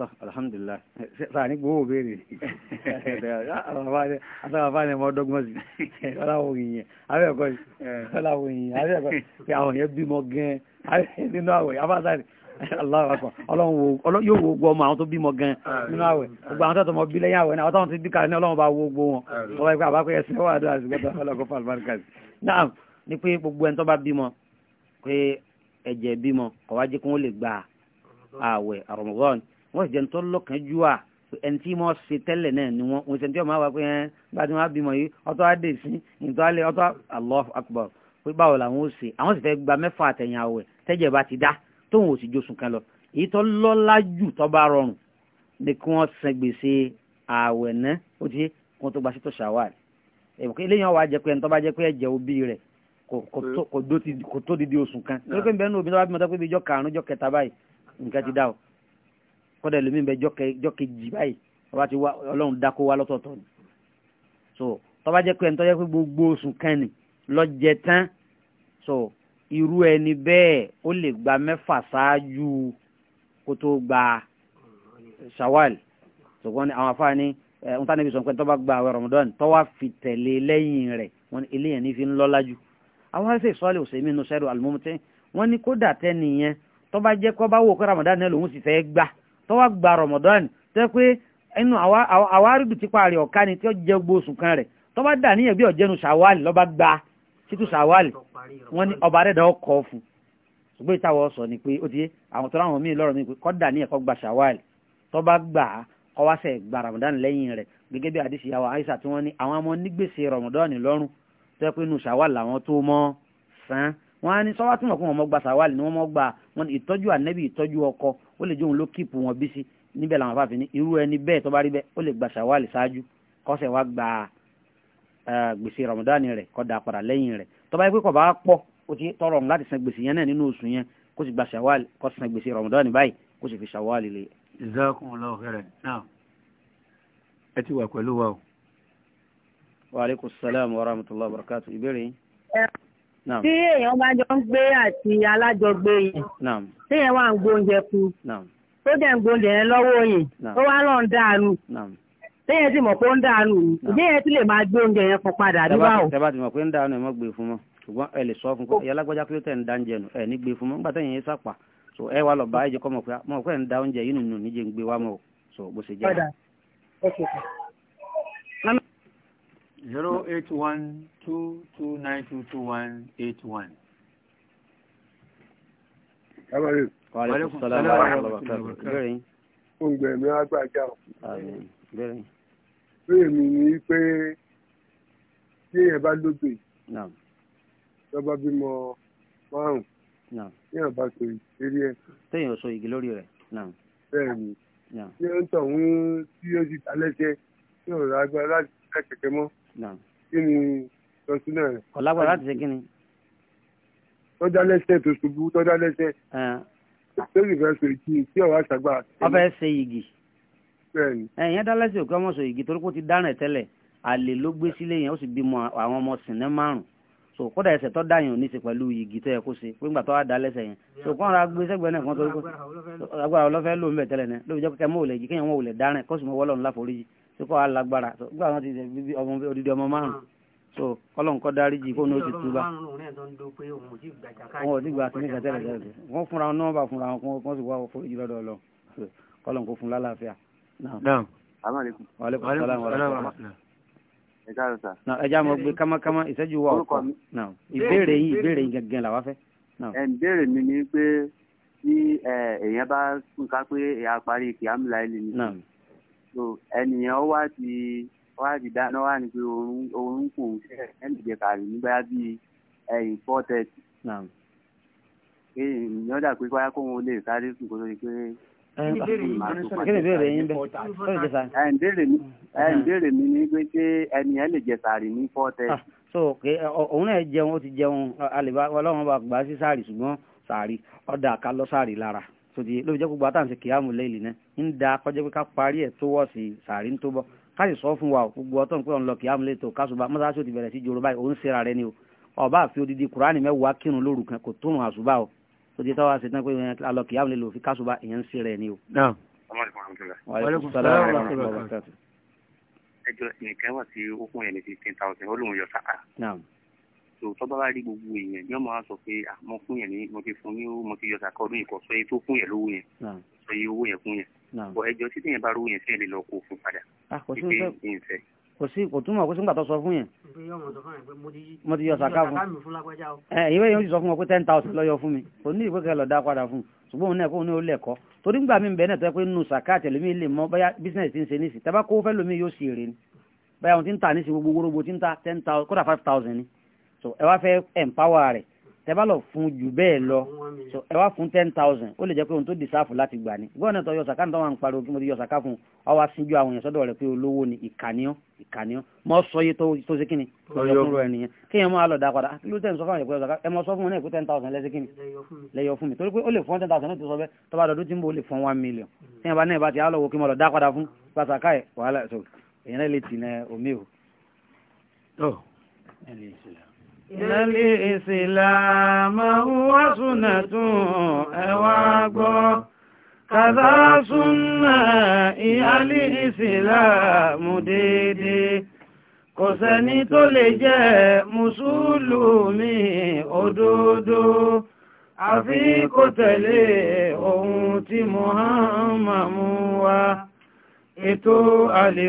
[SPEAKER 1] alhamdulilah sani gbogbo béèrè àtàwọn ni mo dọ́gbọ́n sí ọláwọ̀ yìnyẹn abẹ́ẹ̀kọ́ sí ọláwọ̀ yìnyẹn abẹ́ẹ̀kọ́ sí àwọn yẹn bímọ gan nínú àwẹ̀ abáṣáré aláwọ̀ ọlọ́run yóò wo gbọ́ ọmọ àwọn tó bímọ gan nínú àwẹ̀ gbogbo àwọn tọ́tọ̀ mọ bí lẹ́yìn àwẹ̀ náà àwọn táwọn ti bí kalẹ̀ ní ọlọ́run bá wo gbogbo wọn wọ́n bá yẹ pé àbákọ́ yẹn sẹ́wọ́ àdúrà wọ́n sì jẹ́ nítorí lọ́kàn jù à ẹni tí wọ́n ṣe tẹ́lẹ̀ náà ni wọ́n wọ́n ṣe ní tí wọ́n máa wá pé gba tí wọ́n á yìí ọtọ́ á sí ìtọ́ alẹ́ ọtọ́ Allahu Akbar pé báwo la ó ṣe àwọn sì fẹ́ gba mẹ́fà àtẹ̀yìn àwẹ̀ tẹ́jẹ̀ bá ti dá tóun ò sì josùn kan lọ èyí tó lọ́lá jù tó bá rọrùn ni kí wọ́n san gbèsè àwẹ̀ náà ó ti kó tó gba sí tó ṣàwárí èbùkún eléyìí wọn wá jẹ pé kọ́dà lómi bẹ jọ́kẹ́ jì báyìí ọba ti wá ọlọ́run dákó wá lọ́tọ̀ọ̀tọ̀ ni so tọ́ba jẹ́ pé ẹ̀ńtọ́ jẹ́ pé gbogbo oṣù kan ni lọ́jẹ tán so irú ẹni bẹ́ẹ̀ ó lè gba mẹ́fà ṣáájú kó tó gba shawal ṣùgbọ́n àwọn afáàní ẹ̀hún tánàbí sọ pé tọ́ba gba àwẹ̀ Ramadan tọ́wá fi tẹ̀lé lẹ́yìn rẹ̀ wọn eléyàn ní fi ń lọ́lá jù àwọn ẹ̀sẹ̀ ìsọ́lẹ̀ òsèmí nù sẹ́rù àlùmọ́mọ́tẹ́ wọn ní kódà tẹ́nìyẹn tọ́ba jẹ́ kọ́ bá wò kó Ramadan náà lòun sì fẹ́ gbà tó wá gba Ramadan tẹ́ pé inú àwárìdù tipa rẹ̀ ọ̀ká ni tí ó jẹ́ gbogbo oṣù kan rẹ̀ tó bá dà níyàn bí ọ̀jẹ́nu ṣàwálì lọ́ba gba títú ṣàwálì wọ́n ní ọba rẹ̀ dáwọ́ kọ́ fún ṣùgbọ́n ìtawọ̀ sọ ni pé ó ti àwọn tó ráwọn míì lọ́rọ̀ mi pé kọ́ dà níyàn kọ́ gba ṣàwálì tó bá gbà á kọ́ wá sẹ̀ gba Ramadan lẹ́yìn rẹ̀ gẹ́gẹ́ bí àdìsí yàwó Aisha tí wọ́n ní àwọn ọmọ nígbèsè Ramadan lọ́rùn tó yẹ pé wọn á ní sọ́wọ́ tí wọ́n kún wọn mọ́ gba sàwálì ni wọ́n mọ́ gba wọn ìtọ́jú ànẹ́bì ìtọ́jú ọkọ ó lè jẹ́ òun ló kíìpù wọn bí sí níbẹ̀ làwọn afáfin ní irú ẹni bẹ́ẹ̀ tó bá rí bẹ́ẹ̀ ó lè gba sàwálì ṣáájú kọ́sẹ̀ wá gba gbèsè ramadan rẹ̀ kó dá padà lẹ́yìn rẹ̀ tó bá yẹ pé kò bá pọ̀ ó ti tọrọ ọ̀hún láti san gbèsè yẹn náà nínú oṣù yẹn kó sì gba sàwálì kó san gbèsè ramadan báyìí kó tí
[SPEAKER 2] èèyàn bá jọ ń gbé àti alájọgbé yìí tí èèyàn wà ń gbóúnjẹ kú tó dẹ̀ ń gbóúnjẹ yẹn lọ́wọ́ yẹn ó wá lọ ń dànù tí èèyàn mọ̀ pé ó ń dànù ìdí èèyàn ti
[SPEAKER 1] lè máa gbé oúnjẹ yẹn fún padà nígbà o. bá ti pé ń dànù ẹ̀ mọ́ gbé e fún mọ́ ṣùgbọ́n ẹ lè sọ fún pé ìyá da oúnjẹ nù ẹ̀ ní gbé e fún mọ́ zero eight one two two nine two two one eight one.
[SPEAKER 2] Wàlẹ́kùn sálàmù àlọ́wọ́
[SPEAKER 1] Oúnjẹ mi á gbàjá o. Bẹ́ẹ̀ mi ni pé
[SPEAKER 2] tí èèyàn bá lóde, tó bá bímọ
[SPEAKER 1] márùn-ún, téèyàn bá so ìrírí ẹ̀. Téèyàn so igi lórí rẹ̀. Bẹ́ẹ̀ ni, tí ó ń tọ̀ wọ́n tí ó ti ta lẹ́sẹ̀, tí ò rà agbára láti ṣe kẹ̀kẹ́ mọ́ kí ni ìtọ́sílẹ̀ rẹ̀. kò lágbára láti ṣe kí ni. tọ́já lẹ́sẹ̀ tó ṣubú tọ́já lẹ́sẹ̀. sẹ́yìn fẹ́ so ìkí tí ọ̀rọ̀ àṣàgbà. wọ́n fẹ́ ṣe igi. bẹ́ẹ̀ni. ẹ̀yìn dá lẹ́sẹ̀ òkè ọmọ sọ igi torí kó ti dáràn ẹ̀ tẹ́lẹ̀ àlè ló gbé sílé yẹn ó sì bímọ àwọn ọmọ sìnẹ́ márùn-ún so kódà ẹsẹ̀ tó dá yẹn ò ní ṣe pẹ̀lú igi tó yẹ kó ṣe pé ńgbà tó wà dá lẹ́sẹ̀ yẹn so kọ́ńtà gbé sẹ́gbẹ̀ẹ́ náà kan tó agbára ọlọ́fẹ́ ló ń bẹ̀ tẹ́lẹ̀ náà lóbi jẹ́ kẹ́kẹ́ mọ́ òlẹ̀ jí kéèyàn wọ́n òlẹ̀ dáràn kó sì mọ́ wọ́lọ́run láforíjì tí kò alágbára gbogbo àwọn ti jẹ bíbí ọmọ odidi ọmọ márùn so kọlọ̀ nǹkan dáríjì kó ní ó ti túbà wọn ò ti gbà kíní kẹtẹ́rẹ̀ tẹ́lẹ̀ wọ́n fúnra wọn nọ́mbà fúnra wọn kó wọ́n sì wá fún ìjì lọ́dọ̀ lọ kọlọ̀ nǹkan fún lálàáfíà. ẹja mo gbé kámákámá ìṣẹ́jú wa ọkọ̀ ìbéèrè yìí ìbéèrè yìí gẹ́gẹ́ làwa fẹ́. ẹ̀ ń béèrè mi ni pé tí èèyàn bá sùn ká pé èèyàn parí kìámù láìlì nìkan so ẹnìyẹn ó wá ti wá ti dáná wá ní pé oorun kò ń ṣe ẹnì jẹ kàrí nígbà bíi ẹyìn four thirty. pé ìyẹn dà pé kọ́yá kóhun ó lè sáré sùn kó tó di pé.
[SPEAKER 2] kí ni ìbéèrè yín bẹ
[SPEAKER 1] ẹ̀ ń béèrè mi ní pé lè jẹ ní four thirty. Ah, so òun náà jẹun ó ti jẹun ọlọ́run bá gbà sí ṣùgbọ́n ọ̀dà sòdì ló fi jẹ́ gbogbo àtàǹsì kìyàmù léèlì náà ń da kọjá pé ká parí ẹ̀ tó wọ̀ sí sàárì ń tó bọ́ ká sì sọ fún wa gbogbo ọtọ́ nípa ọ̀nlọ kìyàmù léètò kásùbà mọ́sáàsì ò ti bẹ̀rẹ̀ sí jòrò báyìí òun ṣera rẹ ni o ọba àfi odidi kùránì mẹ́wàá kírun lóru kan kò tóun àṣùbà o sòdì táwa ṣe tán pé alọ kìyàmù léèlò fi kásùbà ìyẹn ń ṣera ẹ ni o. ẹjọ́ so tó bá wá rí gbogbo èèyàn yóò máa sọ pé ah, mo fún yẹn ní mo ti fún ní mo ti yọ sàkọọdún yìí kọ sọ yìí tó fún yẹn lówó yẹn sọ yìí owó yẹn fún yẹn bọ ẹjọ́ títí yẹn bá rówó yẹn sí ẹ lè lọ kó fún padà ah, wípé yìí ń fẹ́. kò sí kò túmọ̀ kó sígbà tó sọ fún yẹn. mo ti yọ sàká ẹ eh, ìwé yẹn ti sọ fún wọn pé ten thousand lọ yọ fún mi kò ní ìwé kẹlẹ̀ ọ̀dà padà fún ṣùgbọ́n òun náà kó òun ní ó lẹ̀kọ́ torí gbà mí bẹ́ẹ̀ náà tó yẹ pé nù sàká àtẹ̀lómi lè mọ bóyá bísíǹsì ti ń ṣe níìsì tábà kó fẹ́ lómi yóò sì rè ni bóyá òun ti ń ta níìsì gbogbo gbogbo ti ń ta ten thousand kódà five thousand ni so ẹ wá fẹ́ empower rẹ̀ tẹ bá lọ fún jù bẹ́ẹ̀ lọ so ẹ wá fún ten thousand ó lè jẹ́ pé ohun tó dìsáàfù láti gbà ní gbọ́dọ̀ tó yọ sàká nítorí wọn ń pariwo kí mo ti yọ sàká fún ọ wá síjú àwọn èèyàn sọ́dọ̀ rẹ̀ pé olówó ni ìkànnìọ́ ìkànnìọ́ mọ́ sọ iye tó ṣe kíni lọ́yọ́ fún rẹ̀ nìyẹn kí èèyàn máa lọ dá padà kí ló tẹ̀ ń sọ fún àwọn èèyàn ẹ mọ sọ fún wọn náà pé ten thousand lẹ́sẹ̀ kíni lẹ́yọ fún mi torí pé ó lè fún ten thousand náà ti sọ bẹ́ẹ̀ tó bá dọ̀dún tí ń bọ̀ ó lè fún one million tí èèyàn bá náà bá ti á lọ wo kí mo lọ dá padà fún pàtàkì wàhálà èèyàn lè tì náà omi o ìlẹ́lẹ́ ìsìlámà
[SPEAKER 2] wà súnà tún ẹwà gbọ́ kàzá súnà ìyálẹ́ ìsìlámù dédé kò sẹ́ni tó lè jẹ́ mùsùlùmí òdodo àfi kó tẹ̀lé ohun tí Muhammad mú wá ètò àlè